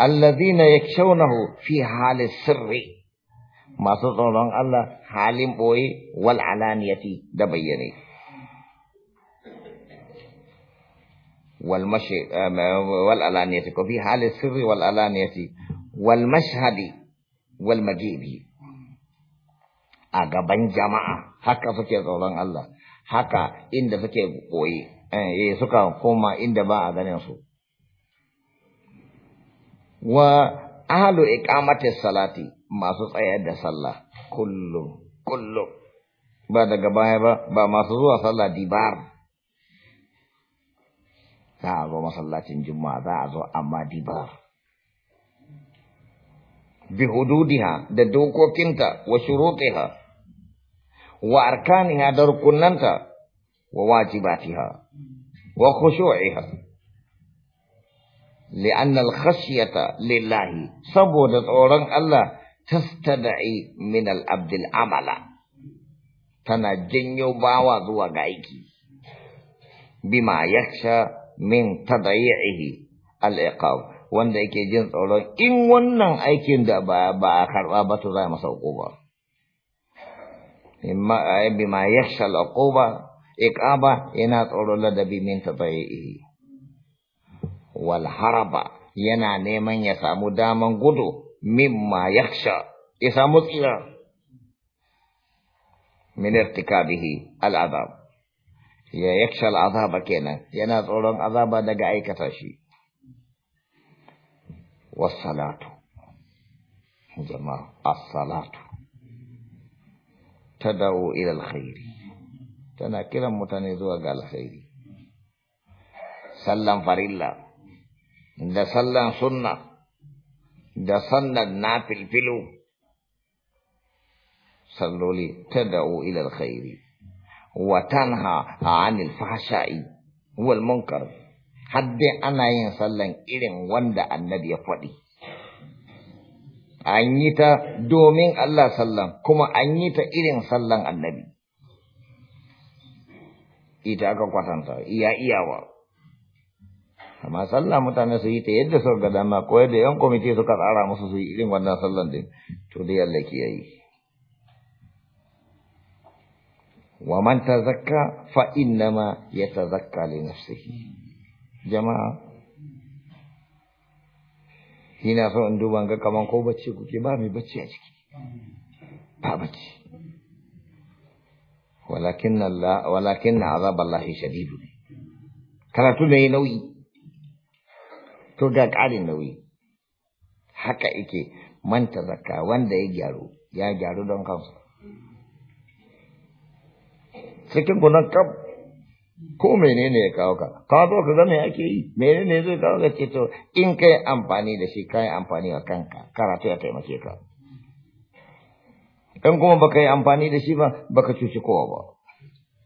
الذين يكشونه في حال السر ما تصورون الله حال بوي والعلانية دبيني wal mashi eh, wal alaniyati ko fi hali sirri wal alaniyati wal mashhadi wal majibi a gaban jama'a haka suke tsoron Allah haka inda suke koyi eh, eh suka koma inda ba a ganin su wa ahlu iqamati salati masu tsayar da sallah kullum kullum ba daga baya ba ba masu zuwa sallah dibar za a zo masallacin juma'a za a zo amma dibar bi hududiha da dokokinta wa shurutiha wa arkaniha da rukunanta wa wajibatiha wa khushu'iha لأن الخشية لله سبود أوران الله تستدعي من العبد العمل تنا جنيو باوا زوا غايكي بما يخشى min tadayi'ihi al-iqab wanda yake jin tsoron in wannan aikin da ba ba karba ba to zai masa hukuma imma bima yakhsha al-uquba iqaba yana tsoron ladabi min tadayi'ihi wal haraba yana neman ya samu daman gudu mimma yakhsha ya samu tsira min irtikabihi al-adab ya yaksha azaba kenan yana tsoron azaba daga aikata shi wassalatu jama'a as-salatu tad'u ila al-khair tana kiran mutane zuwa ga alkhairi sallan farilla da sallan sunna da sannan nafilfilu salloli tad'u ila al-khairi watanha anil fahsha'i wal munkar hadde ana yin sallan irin wanda annabi ya faɗi an yi ta domin Allah sallan kuma an yi ta irin sallan annabi ita aka kwatanta iya iyawa amma sallah mutane su yi ta yadda suka ga dama ko yadda yan kwamiti suka tsara musu su yi irin wannan sallan din to dai Allah ke yi wa man tazakka fa innama yatazakka li nafsihi jama'a ina so in duba ga kaman ko bacci kuke ba mai bacci a ciki ba bacci walakin Allah walakin azab Allah karatu ne nauyi to ga ƙarin nauyi haka yake man tazakka wanda ya gyaru ya gyaru don kansa cikin ku nan kam ko menene ya kawo ka ka zo ka ga me ake yi menene zai kawo ka ce to in kai amfani da shi kai amfani wa kanka karatu ya taimake ka in kuma baka yi amfani da shi ba baka cuci kowa ba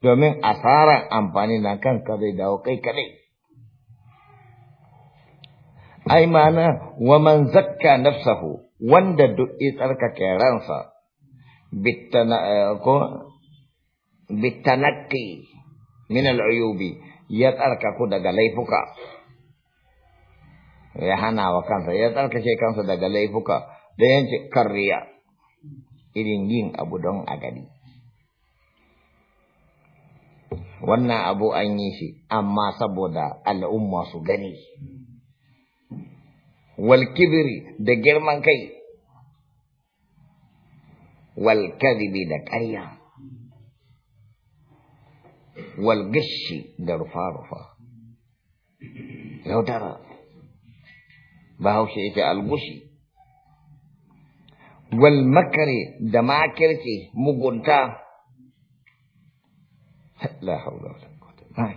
domin asarar amfani na kanka zai dawo kai kadai ai mana wa man zakka nafsahu wanda duk ya tsarkake ransa bitta eh, ko Bitanaki min al'uyubi ya tsarkaku daga laifuka ya hana wa kansa ya tsarkake kansa daga laifuka da yanci karriya irin yin abu don a gari. wannan abu an yi shi amma saboda al'umma su gani walkibiri da girman kai walkadibi da ƙarya wal gashi da rufa-rufa والمكر لا حول ولا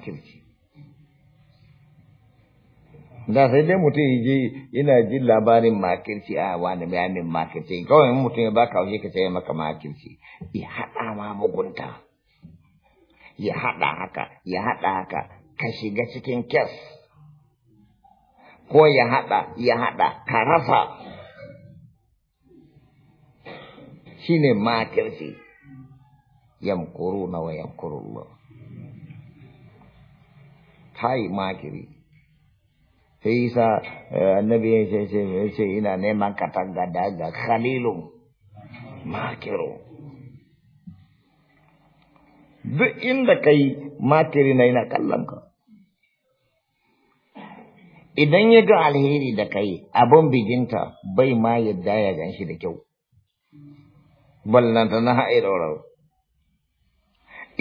da sai dai mutum ya je yana jin labarin makirci a wani bayanin makirci kawai mutum ya baka haushi ka sai maka makirci ya haɗa ma mugunta ya haɗa haka ya haɗa haka ka shiga cikin kes ko ya haɗa ya haɗa ka rasa shi ne makirci Yankuru na wa ta yi makiri sai isa eh, annabi ya ce ina neman katanga daga khalilun makiru duk inda ka yi matiri na yana kallon ka idan ya ga alheri da kai abin biginta bai ma yadda ya gan shi da kyau ballanta na haɗe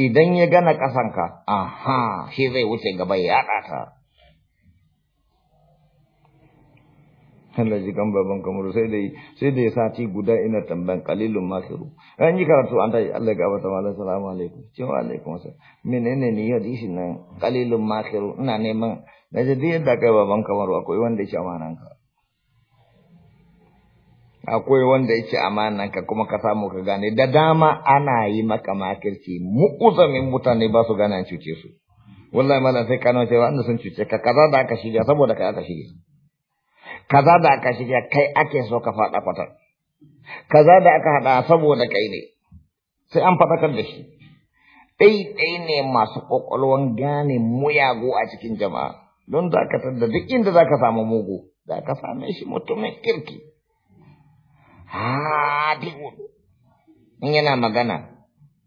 idan ya gana ƙasanka aha shi zai wuce gaba ya ɗata Allah ji kan baban kamar sai dai sai dai sati guda ina tambayan qalilun masiru an yi karatu an dai Allah ga wata mallan assalamu alaikum ce wa alaikum assalam menene ne ya dishi nan qalilun makiru ina neman da dai da kai baban kamar akwai wanda yake amanan ka akwai wanda yake amanan ka kuma ka samu ka gane da dama ana yi maka makirci uzamin mutane ba su gane an cuce su wallahi mallan sai kana cewa an sun cuce ka kaza da aka shiga saboda kai aka shiga kaza da aka shiga kai ake so ka faɗa kwatar kaza da aka haɗa saboda kai ne sai an faɗakar da shi ɗaiɗai ne masu ƙwaƙwalwan gane muyago a cikin jama'a don za ka da duk inda za ka samu mugu za ka same shi mutumin kirki Ha, haɗiwu in yana magana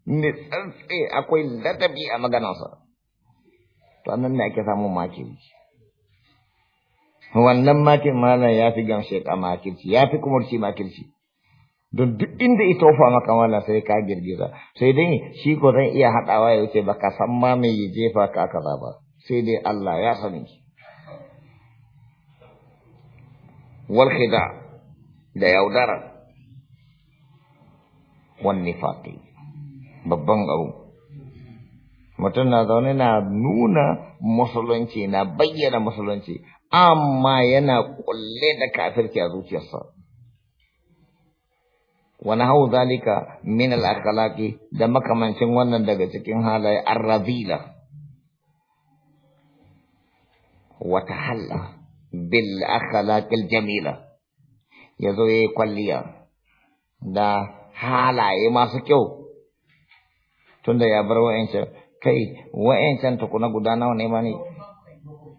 ne tsantsi akwai ladabi a maganarsa to annan ne ake samun makiri wannan makin malam ya fi gamshe ka makirci ya fi kumurci makirci don duk inda ita ofa maka malam sai ka girgiza sai dai shi ko zan iya haɗawa ya wuce baka san ma mai yi jefa ka kaza ba sai dai Allah ya sani wal khida da yaudara wan nifaqi babban abu mutum na zaune na nuna musulunci na bayyana musulunci amma yana kulle da kafirci a zuciyarsa wani hau zalika min al'akalaki da makamancin wannan daga cikin halaye arrazila wata hala bil ya jamila ya yi kwalliya da halaye masu kyau tunda ya bar wa’yancan, kai ta kuna guda nawa ne ma ne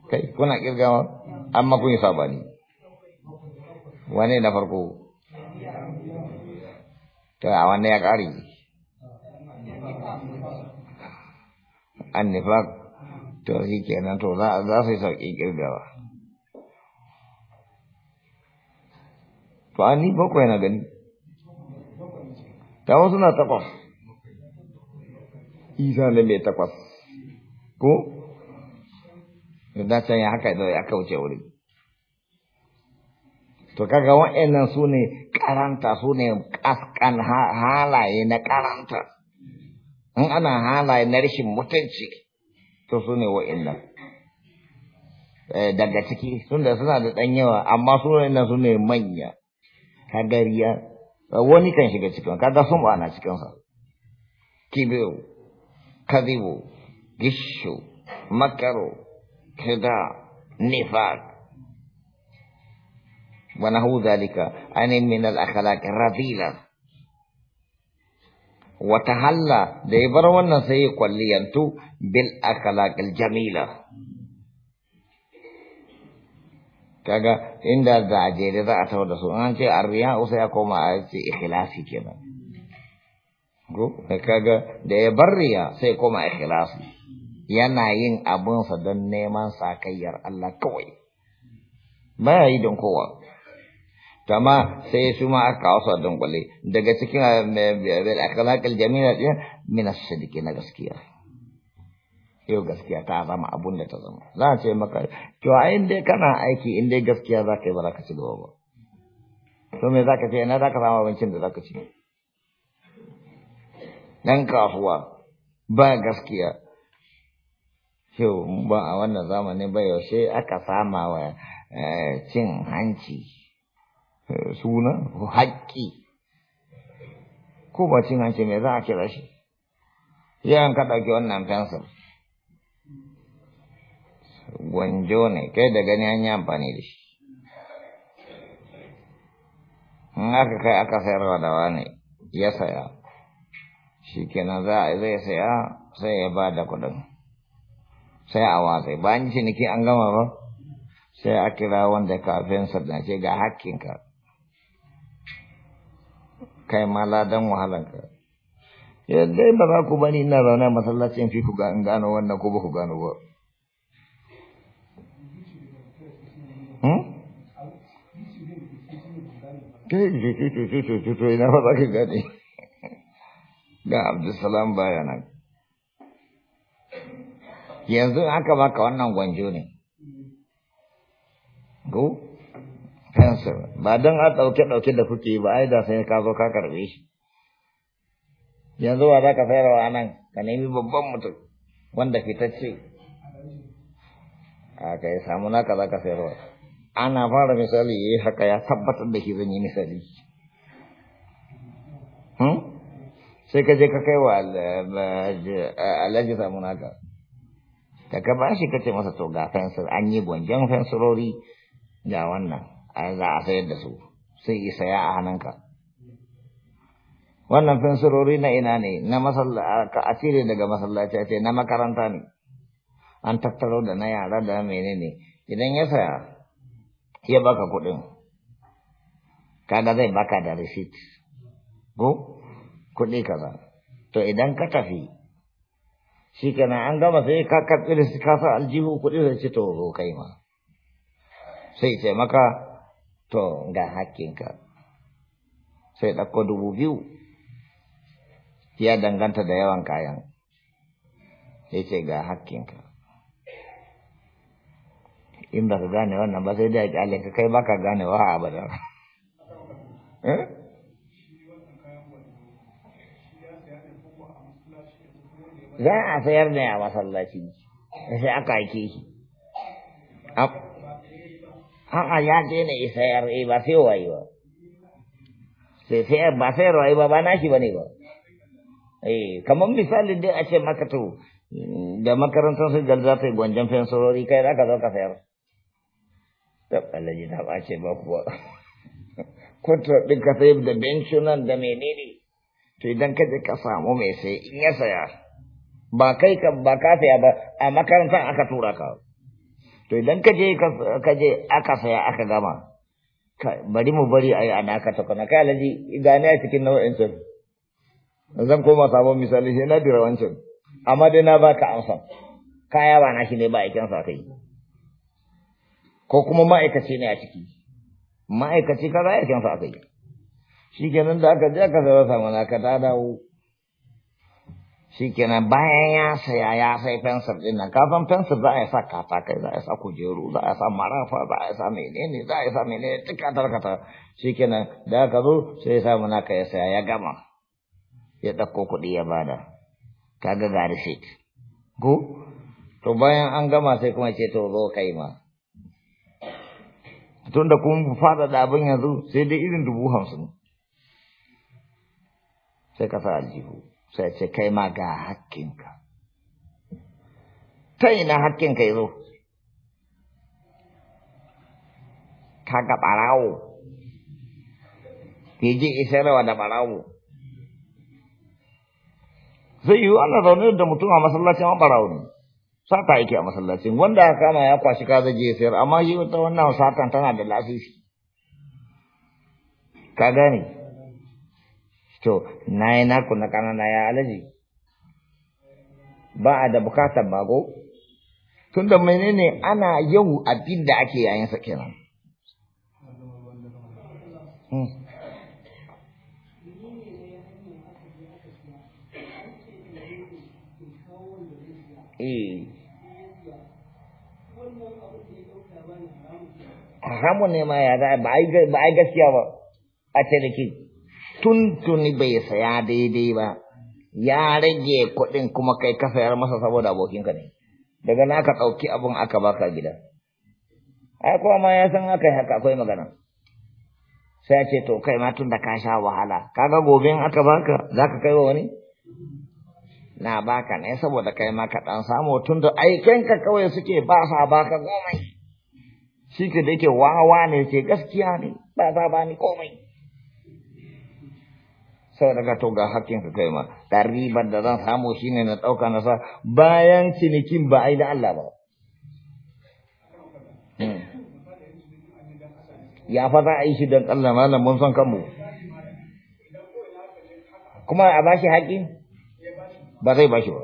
kai kuna kirgawa amma kun yi sabani wane na farko to a wanne ya ƙari annifaq to shi kenan to za su sai sauƙin ƙirgawa to an ni bakwai na gani ta wasu na takwas isa ne mai takwas ko da can ya haka da ya kauce wuri to kaga wa'annan su ne karanta su ne kaskan halaye na karanta in ana halaye na rashin mutunci to su ne wa'annan eh, daga ciki sun da suna da ɗan yawa amma su ne su ne manya kagariya wani kan shiga cikin kaga sun na cikinsa kibiru kazibu gishu makaro خدا نفاق ونحو ذلك أن من الأخلاق الرذيلة وتحلى ديبر والنسيق ينتو بالأخلاق الجميلة كذا إن ذا عجيل ذا أتوا دسون أنت أريا أوسيا كوما أنت إخلاصي كذا كذا ديبر ريا سيكوما إخلاصي yana yin abunsa don neman sakayyar Allah kawai ya yi don kowa tama sai su ma aka wasu a dunkule daga cikin eh, eh, eh, akalakal jami'a ɗin minas sadiki na gaskiya yau gaskiya ta zama abun da ta zama za a ce maka to a inda kana aiki inda gaskiya za ka yi ba za ka ci gaba ba to me za ka ce ina za ka samu abincin da za ka ci dan kasuwa ba gaskiya Yau ba a wannan zamanin ba yaushe aka sama wa eh, cin hanci eh, suna haƙƙi. Ko ba cin hanci mai za a kira shi? Yawan ka ɗauki wannan fensir. Gwanjo ne, kai da gani an yi amfani da shi. In aka kai aka sayarwa da wani ya saya, shi kenan za a zai saya sai ya ba da kuɗin. sai a watsa bayan ciniki an gama ba sai a kira wanda kafin na ce ga hakkinka kai ma ladan wahalanka yadda ba za ku bani ina zaune masallacin fi ku gano wannan ko ba ku gano ba kai ke ina ke ke ke ke ga ke ke ke yanzu haka ba ka wannan gwanjo ne go fensir ba don a ɗauke-ɗauke da kuke ba a yi da sai ka zo ka karbe shi yanzu ba za ka sayarwa nan ka nemi babban mutum wanda fitacce a ka yi samu naka za ka sayarwa ana fara misali ya eh, haka ya tabbatar da shi zan yi misali hmm? sai ka je ka kai wa alhaji samu naka daga shi kace masa to ga fensir an yi gwanjan fensirori ga wannan za a sayar da su sai isa ya a hannunka wannan fensirori na ina ne na masallaci a cire daga masallaci ce na makaranta ne an tattaro da na yara da menene idan ya saya ya baka kuɗin kada zai baka da receipt ko kuɗi kaza to idan ka tafi shi kenan an gama sai ka karɓi da su kasa aljihu kuɗi da ce to zo kai ma sai ce maka to ga hakkinka sai ɗauko dubu biyu ya danganta da yawan kayan sai ce ga hakkinka in ba ka gane wannan ba sai da ya ƙyale ka kai ba ka gane wa eh? za a sayar ne a masallaci sai aka aike shi A ya daina sayar eh ba sai wayi ba sai sai ba sai wayi ba ba na shi ba eh kamar misali dai a ce maka to da makarantar su galza ta gwanjan fensorori kai zaka zo ka sayar tabbalaji ta ba ce ba kuwa kwatar ɗin ka sayar da bencunan da menene to idan ka je ka samu mai sai in ya saya ba kai ka ba ka saya ba a makarantar aka tura ka to idan ka je ka je aka saya aka gama bari mu bari a yi a naka tukuna kai alaji gane a cikin nau'in can zan koma sabon misali sai na dira wancan amma dai na ka amsa kaya ba na shi ne ba aikin sa kai ko kuma ma'aikaci ne a ciki ma'aikaci kaza aikin sa kai shi kenan da aka je aka zama mana ka ta dawo kenan bayan ya saya ya sai fensir din nan kafin fensir za a sa katakai za a sa kujeru za a sa marafa za a sa menene za a sa menene duka tarkata kenan da ka zo sai ya samu naka ya saya ya gama ya ɗauko kuɗi ya bada kaga ga receipt ko to bayan an gama sai kuma ce to zo kai ma tun da kun fada da abin yanzu sai dai irin dubu hamsin sai ka sa aljihu sai ce kai ma ga hakkinka ta ina hakkinka ya zo ka ga ɓarawo ke ji isarwa da ɓarawo zai yi wa zaune da mutum a masallaci an ɓarawo ne sata yake a masallacin wanda aka kama ya kwashi ka zai je sayar amma shi wata wannan satan tana da lasisi ka gane to na yi naku na kanana ya alaji ba a da bukatar bago tun da menene ana yau abin da ake yayin sa kenan hmm. eh. haramun ne ma ya za ba a yi gaskiya ba a ciniki tuntuni bai saya daidai ba ya rage kuɗin kuma kai ka sayar masa saboda abokinka ne daga na ka ɗauki abin aka baka gida ai kuma ma ya san aka yi haka akwai magana sai ce to kai ma tun da ka sha wahala kaga gobe in aka baka za ka kai wa wani na baka ne saboda kai ma ka ɗan samu tun da aikenka kawai suke ba sa baka komai shi ke da yake wawa ne ce gaskiya ne ba sa ba ni komai sai daga to ga hakkin ka kai ma ribar da zan samu shine na dauka na sa bayan cinikin ba ai da Allah ba hmm. ya fa za a yi shi don Allah malam mun san kanmu kuma a bashi haƙƙi ba zai bashi ba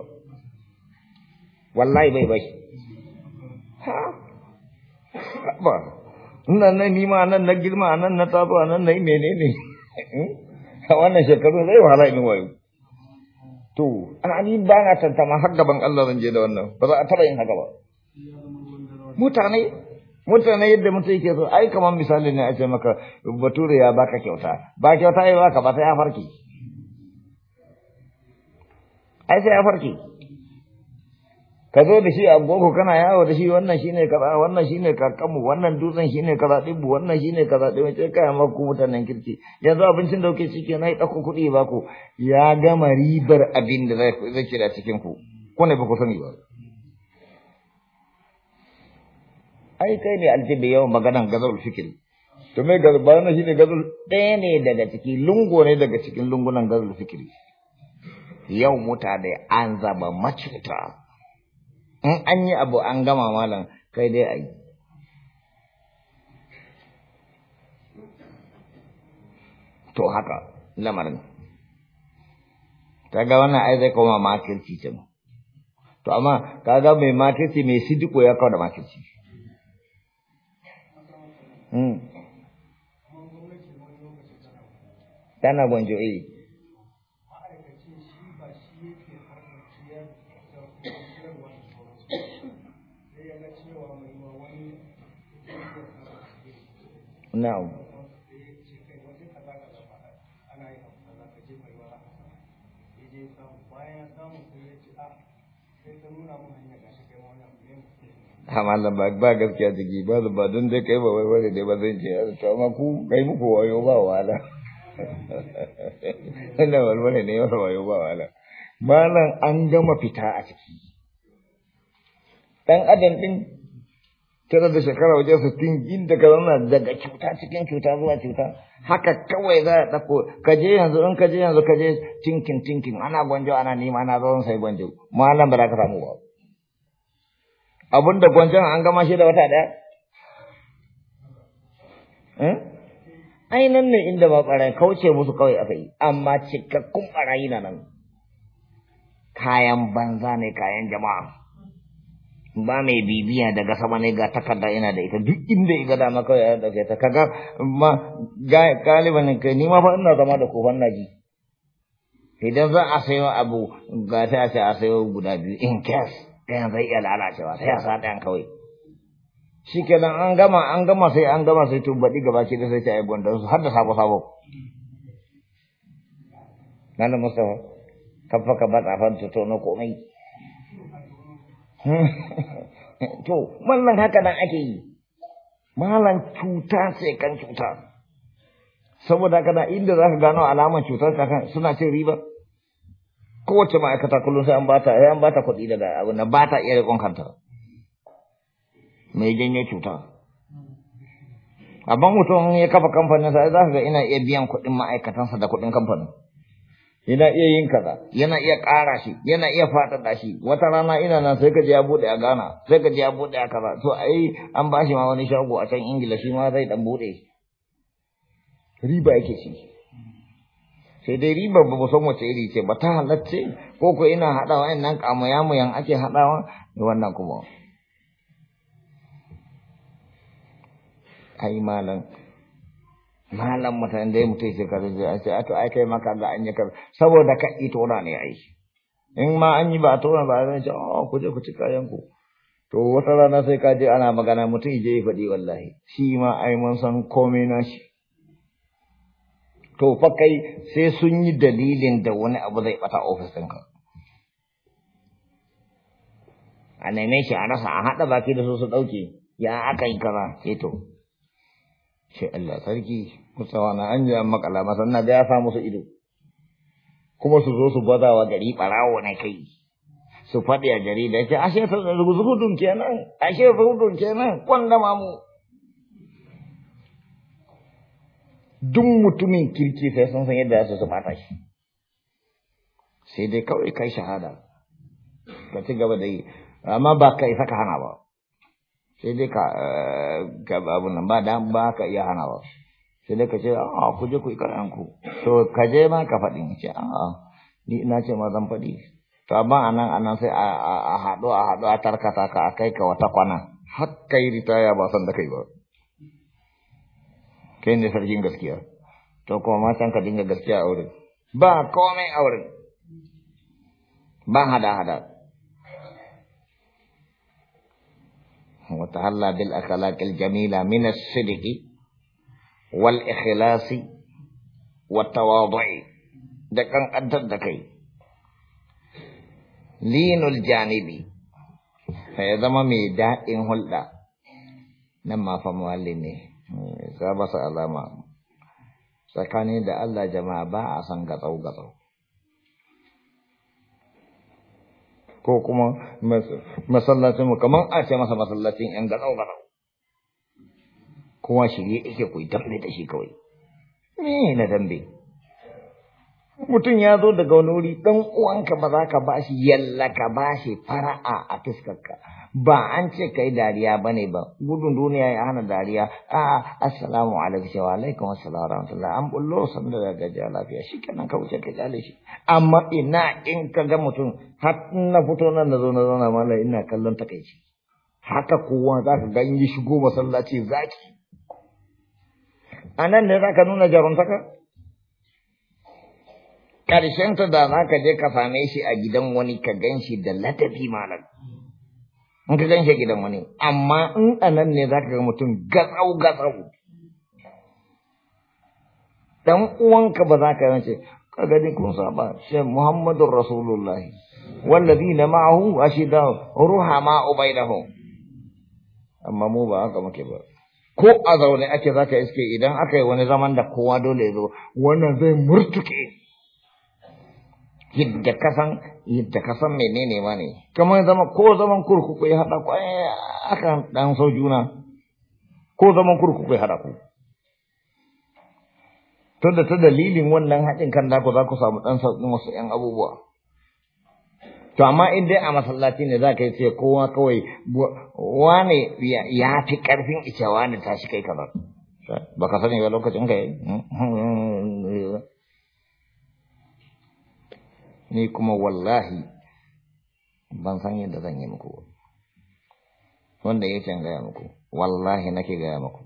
wallahi bai bashi ha ba nan na nima nan na girma nan na tazo nan na yi menene hmm? wannan shekaru zai wahala in wayo to an ani ba na tantama har gaban Allah zan je da wannan ba za a taba yin haka ba mutane mutane yadda mutum yake so ai kamar misali ne a ce maka bature ya baka kyauta ba kyauta ya baka ba sai ya farki ai sai ya farki ka zo da shi a boko kana yawo da shi wannan shine kaza wannan shine kakanmu wannan dutsen shine kaza dibbu wannan shine kaza dibbu sai kai amma ku mutanen kirki yanzu abincin da kuke cike nayi dauko kuɗi ba ku ya gama ribar abin da zai zai kira cikin ku ko ne ba ku sani ba ai kai ne aljibi yau maganan gazal fikir to me gazal na shine gazal ɗaya ne daga ciki lungo ne daga cikin lungunan gazal fikiri yau mutane an zaba macuta in an yi abu an gama malam kai dai a yi to haka lamarin kaga wannan ai zai koma makirci can to amma kaga mai makirci mai sidiko ya kawo da makirci hmm. tana gwanjo eh نعم hamalan ba gaskiya ciki ba ba don dai kai ba wai wani dai ba zan ce to ma ku kai muku wayo ba wala ina walwale ne yawan wayo ba wala malan an gama fita a ciki dan adam din tana da shekara wajen sittin inda ka zauna daga cuta cikin cuta zuwa cuta haka kawai za a ɗauko ka je yanzu in ka je yanzu ka je tinkin tinkin ana gwanjo ana nima ana zaune sai gwanjo malam ba za ka samu ba abinda da gwanjon an gama shi da wata daya. Eh? ainihin ne inda ba ɓarayi kauce musu kawai aka yi amma cikakkun ɓarayi na nan kayan banza ne kayan jama'a ba mai bibiya daga sama ne ga takarda ina da ita duk inda ya gada maka ya dauke ta kaga ma galiban kai ni ma fa ina zama da kofar naji idan za a sayo abu ga ta ce a sayo guda biyu in cas ɗayan zai iya lalacewa sai a sa ɗayan kawai shikenan an gama an gama sai an gama sai to baɗi gaba ce da sai ta yi gwanda su har da sabo sabo nan da mustafa kafa ka ba tsafan to na komai to wannan haka nan ake yi malan cuta sai kan cuta saboda haka na inda za ka gano alamar cutar ka suna cin riba kowace ma'aikata kullum sai an bata sai an bata kuɗi daga abu na bata iya rikon kanta mai janye cuta amma mutum ya kafa kamfanin sa za ka ga ina iya biyan kuɗin ma'aikatansa da kuɗin kamfanin yana iya yin kaza yana iya ƙara shi yana iya faɗaɗa shi wata rana ina nan sai ka je ya buɗe a Ghana sai ka je ya buɗe a kaza to ai an ba shi ma wani shago a can Ingila shi ma zai dan buɗe riba yake ci sai dai riba ba san wace iri ce ba ta halacce ko ko ina haɗawa in nan kamuyamuyan ake haɗawa da wannan kuma ai malam malam mutane dai mutum ce kare ce a ce a to ai kai maka da an yi kar saboda ka yi tona ne ai in ma an yi ba a tona ba zai ce oh ku je ku ci kayan ku to wata rana sai ka je ana magana mutum je ya faɗi wallahi shi ma ai mun san komai na shi to fa kai sai sun yi dalilin da wani abu zai bata ofis ɗinka a neme shi a rasa a haɗa baki da su su ɗauke ya aka yi kaza ce to sai Allah sarki musawana an ji makala masa ga ya sa musu ido kuma su zo su gwada wa gari barawo na kai su faɗi a jarida ya ke ashe zugudun kenan ashe zugudun kenan kwanda mamu duk mutumin kirki sai sun san yadda su su bata shi sai dai kawai kai shahada ka ci gaba da yi amma ba ka isa ka hana ba sai dai ka eh, abun nan ba dan ba ka iya hana ba sai dai ka ce a ku je ku yi ku to ka je ma ka faɗi ce a ni ina ce ma zan faɗi to amma a nan a nan sai a haɗu a haɗu a tarkata ka a kai ka wata kwana har yi ritaya ba san da kai ba kai ne sarkin gaskiya to kuma matan ka dinga gaskiya a wurin ba komai a wurin ba hada-hada وتهلا بالأخلاق الجميلة من الصدق والاخلاص والتواضع دكان قد دكاي لين الجانبي هذا ما ميدا ان هلدا نما فم سبا سلاما سكاني دا الله جماعة با اسان غتو غتو ko kuma masallacin kaman a ce masa kowa shirye yake ku dambe da shi kawai me na dambe mutum ya zo daga wani wuri dan uwanka ba za ka ba shi yalla ka ba shi fara'a a fuskarka ba an ce kai dariya ba ne ba gudun duniya ya hana dariya a assalamu alaikum wa alaikum assalamu rahmatullahi an bullo san da gajiya lafiya shi kenan ka wuce ka kyale shi amma ina in ka ga mutum har na fito nan na zo na zauna mala ina kallon takaici haka kowa za ka ga in yi shigo masallaci zaki a nan ne za ka nuna jaruntaka ta da za ka je ka same shi a gidan wani ka gan shi da latafi malam in ka gan shi gidan wani amma in a nan ne za ka ga mutum gatsau gatsau dan uwanka ba za ka ce. ka gani kun saba sai Muhammadu rasulullahi والذين معه أشداء رحماء Amma mu ba haka muke ba. ko a zaune ake ka iske idan aka yi wani zaman da kowa dole zo wannan zai murtuke yadda kasan yadda kasan menene ma ne kamar zama ko zaman kurkuku ya haɗa ku akan ɗan sau juna ko zaman kurkuku ya haɗa ku tunda ta dalilin wannan haɗin kan naku za ku samu ɗan sauƙin wasu ‘yan abubuwa to amma in dai a masallaci ne za ka yi sai kowa kawai wane ya fi karfin ice wane tashi kai kamar ba ka sani ba lokacin ka yi ni kuma wallahi ban san yadda zan yi muku wanda ya can gaya muku wallahi nake gaya muku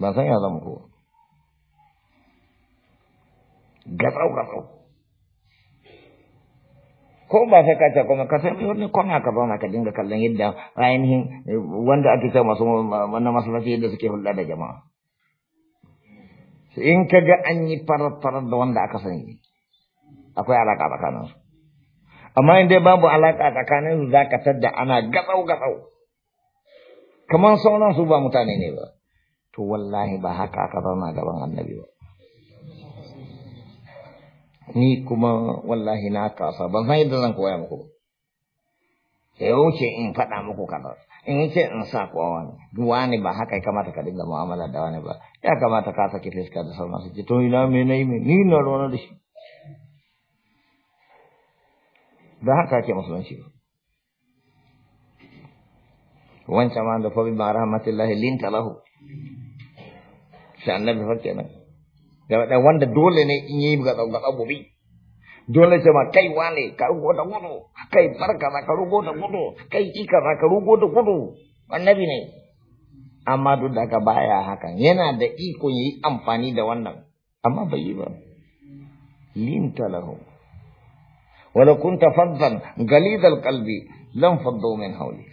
ban san yadda zan muku gatsau gatsau ko ba sai ka ce kuma ka sai wani kwana ka zauna ka dinga kallon yadda ainihin eh, wanda ake ce masu wannan masallaci yadda suke hulɗa da jama'a in ka ga an yi farar da wanda aka sani akwai alaƙa tsakanin su amma in dai babu alaƙa tsakanin su zaka tadda ana gatsau-gatsau kamar sauran su ba mutane ne ba to wallahi ba haka aka zauna gaban annabi ba ni kuma wallahi na kasa ban san yadda zan koya muku ba Ya wuce in faɗa muku kaza in ce in sa kowa ne ba haka kamata ka dinga mu'amala da wani ba ya kamata ka saki fiska da sauran su to ina me na yi ni na rona da shi da haka ke musulunci ba wancan ma da fa bi ma rahmatullahi linta lahu sai annabi fa kenan dan wanda dole ne in yi ga tsaugatsau gobe dole ce ma kai wane ka rugo da gudu kai barka za ka rugo da gudu kai ika za ka rugo da gudu annabi ne amma duk da ka baya hakan yana da iko yi amfani da wannan amma bai yi ba Lin talahu. wala kunta fadzan galidal qalbi lam faddu min hawli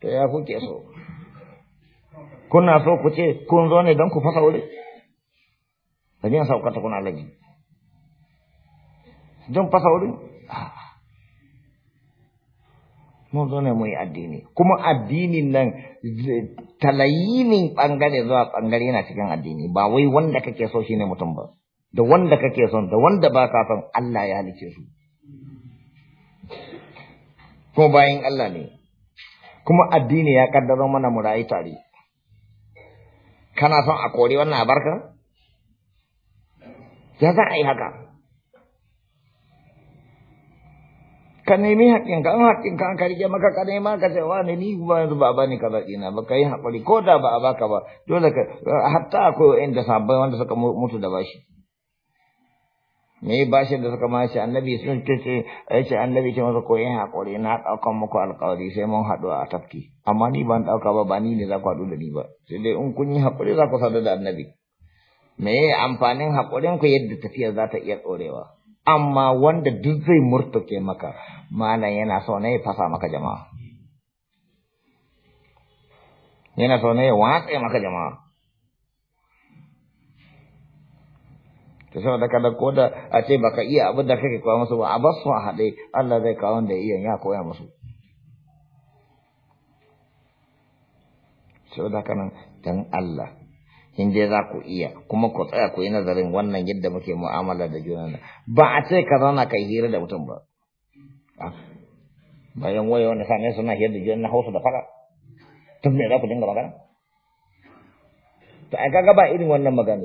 Ta ya kuke so kuna so ku ce kun zo ne don ku fasa wuri ka jin sauka ta kuna alaji don fasa wurin ah. mun zo ne mu yi addini kuma addini nan talayinin bangare zuwa bangare na cikin addini bawai wanda kake so shine mutum ba da wanda kake son da wanda ba ka Allah ya halice su kuma bayan Allah ne kuma addini ya kaddaro mana mu rayu tare kana son a kori wannan abarka ya za a yi haka ka nemi haƙƙinka in haƙƙinka an karge maka ka nema ka ce wa ne ni ba yanzu ba bani kaza ina ba kai haƙuri ko da ba a baka ba dole ka hatta akwai inda sabbai wanda suka mutu da bashi me bashin da suka mashi annabi sun ce ce annabi ce masa ko yin haƙuri na ɗaukan muku alƙawari sai mun haɗu a tafki amma ni ban ɗauka ba ba ni ne za ku haɗu da ni ba sai dai in kun yi haƙuri za ku sadu da annabi me amfanin haƙurinku yadda tafiya za ta iya tsorewa amma wanda duk zai murtuke maka malam yana so ne ya fasa maka jama'a yana so ne watsa maka jama'a ta sau da kada ko da a ce baka iya abu da kake koya musu ba a basu a haɗe Allah zai kawo da iya ya koya musu sau da kanan dan Allah in dai za ku iya kuma ku tsaya ku yi nazarin wannan yadda muke mu'amala da juna ba a ce ka zauna kai hira da mutum ba ah, bayan waya wanda sami suna hira da juna na hausa da fara tun me za ku dinga magana to aika gaba irin wannan magana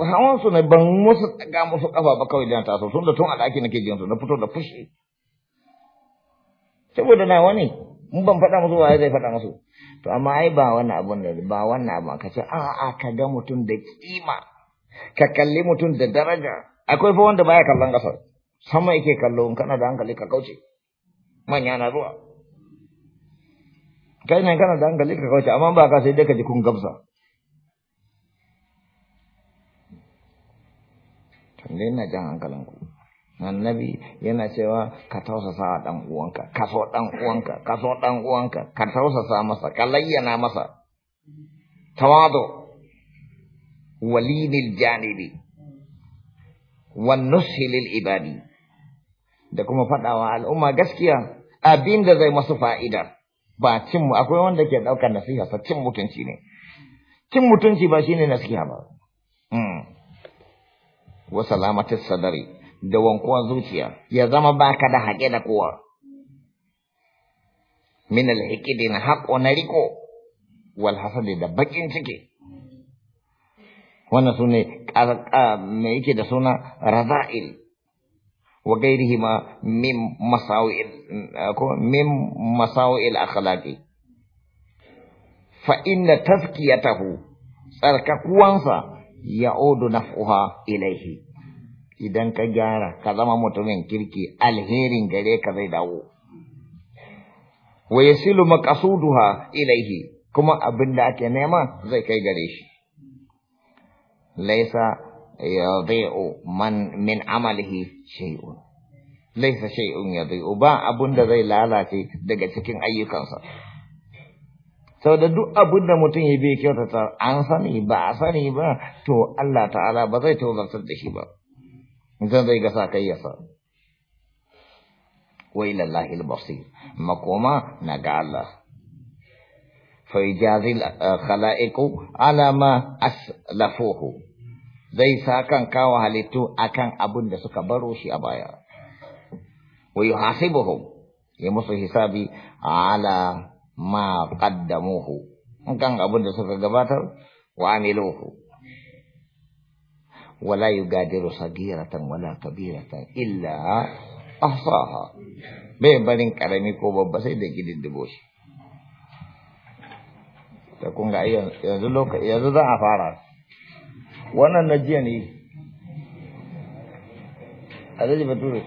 hawan su ne ban musu tsaga musu kafa ba kawai dan taso tun da tun a daki nake jin su na fito da fushi saboda na wani in ban faɗa musu ba zai faɗa musu to amma ai ba wannan abun da ba wannan abu ka ce a a ka ga mutum da kima ka kalli mutum da daraja akwai fa wanda baya kallon ƙasa sama yake kallo in kana da hankali ka kauce manya na zuwa kai ne kana da hankali ka kauce amma ba ka sai dai ka ji kun gamsa tunda ina jan hankalinku annabi yana cewa ka tausasa wa ɗan uwanka ka so ɗan uwanka ka so ɗan uwanka ka tausasa masa ka layyana masa tawadu walilil janibi wan nushi ibadi da kuma faɗawa al'umma gaskiya abin da zai masu fa'ida ba cin mu akwai wanda ke ɗaukar nasiha sa cin mutunci ne cin mutunci ba shine nasiha ba hmm. wa salamatis sadari da wankuwan zuciya ya zama baka da haƙe da kowa min alhiqidin haƙo na riko wal hasadi da bakin ciki wannan ne mai yake da suna raza'il wa gairihi ma min masawil ko Fa’in masawil taskiya fa tsarkakuwansa ya odu na naf'uha ilaihi idan ka gyara ka zama mutumin kirki alherin gare ka zai dawo wa silu makasuduha ilaihi kuma abin da ake nema zai kai gare shi laisa yadhi'u man min amalihi shay'un laisa shay'un ba abun da zai lalace daga cikin ayyukansa sau da duk abin da mutum ya bai kyautata an sani ba a sani ba to Allah ta'ala ba zai tozartar da shi ba zan zai gasa kai ya sa Wai lallahi al makoma na ga Allah fa yajazi al-khalaiqu ala ma aslafuhu zai kan kawo halittu akan abin da suka baro shi a baya wa yuhasibuhum ya musu hisabi ala ma qaddamuhu kan abin da suka gabatar wa amiluhu ولا يجادل صغيرة ولا كبيرة إلا أحصاها بيبالين كرمي كوبا بس إذا كده دبوش تكون غاية يزلوك يزلوك أفارا وانا نجياني أليس بطولك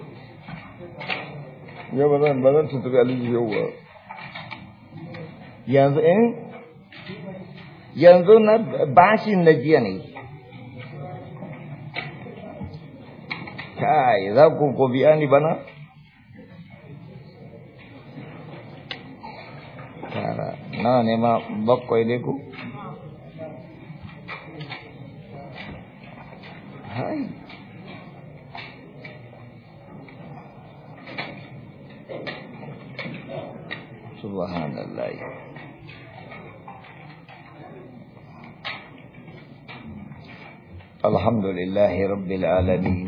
يا بدن بدن تتبع لي هو ينزل ينزل باشي نجياني kai za ku ko biya ni bana tara na ne ma bakwai ne ku hai subhanallah الحمد لله رب العالمين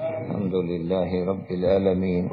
الحمد لله رب العالمين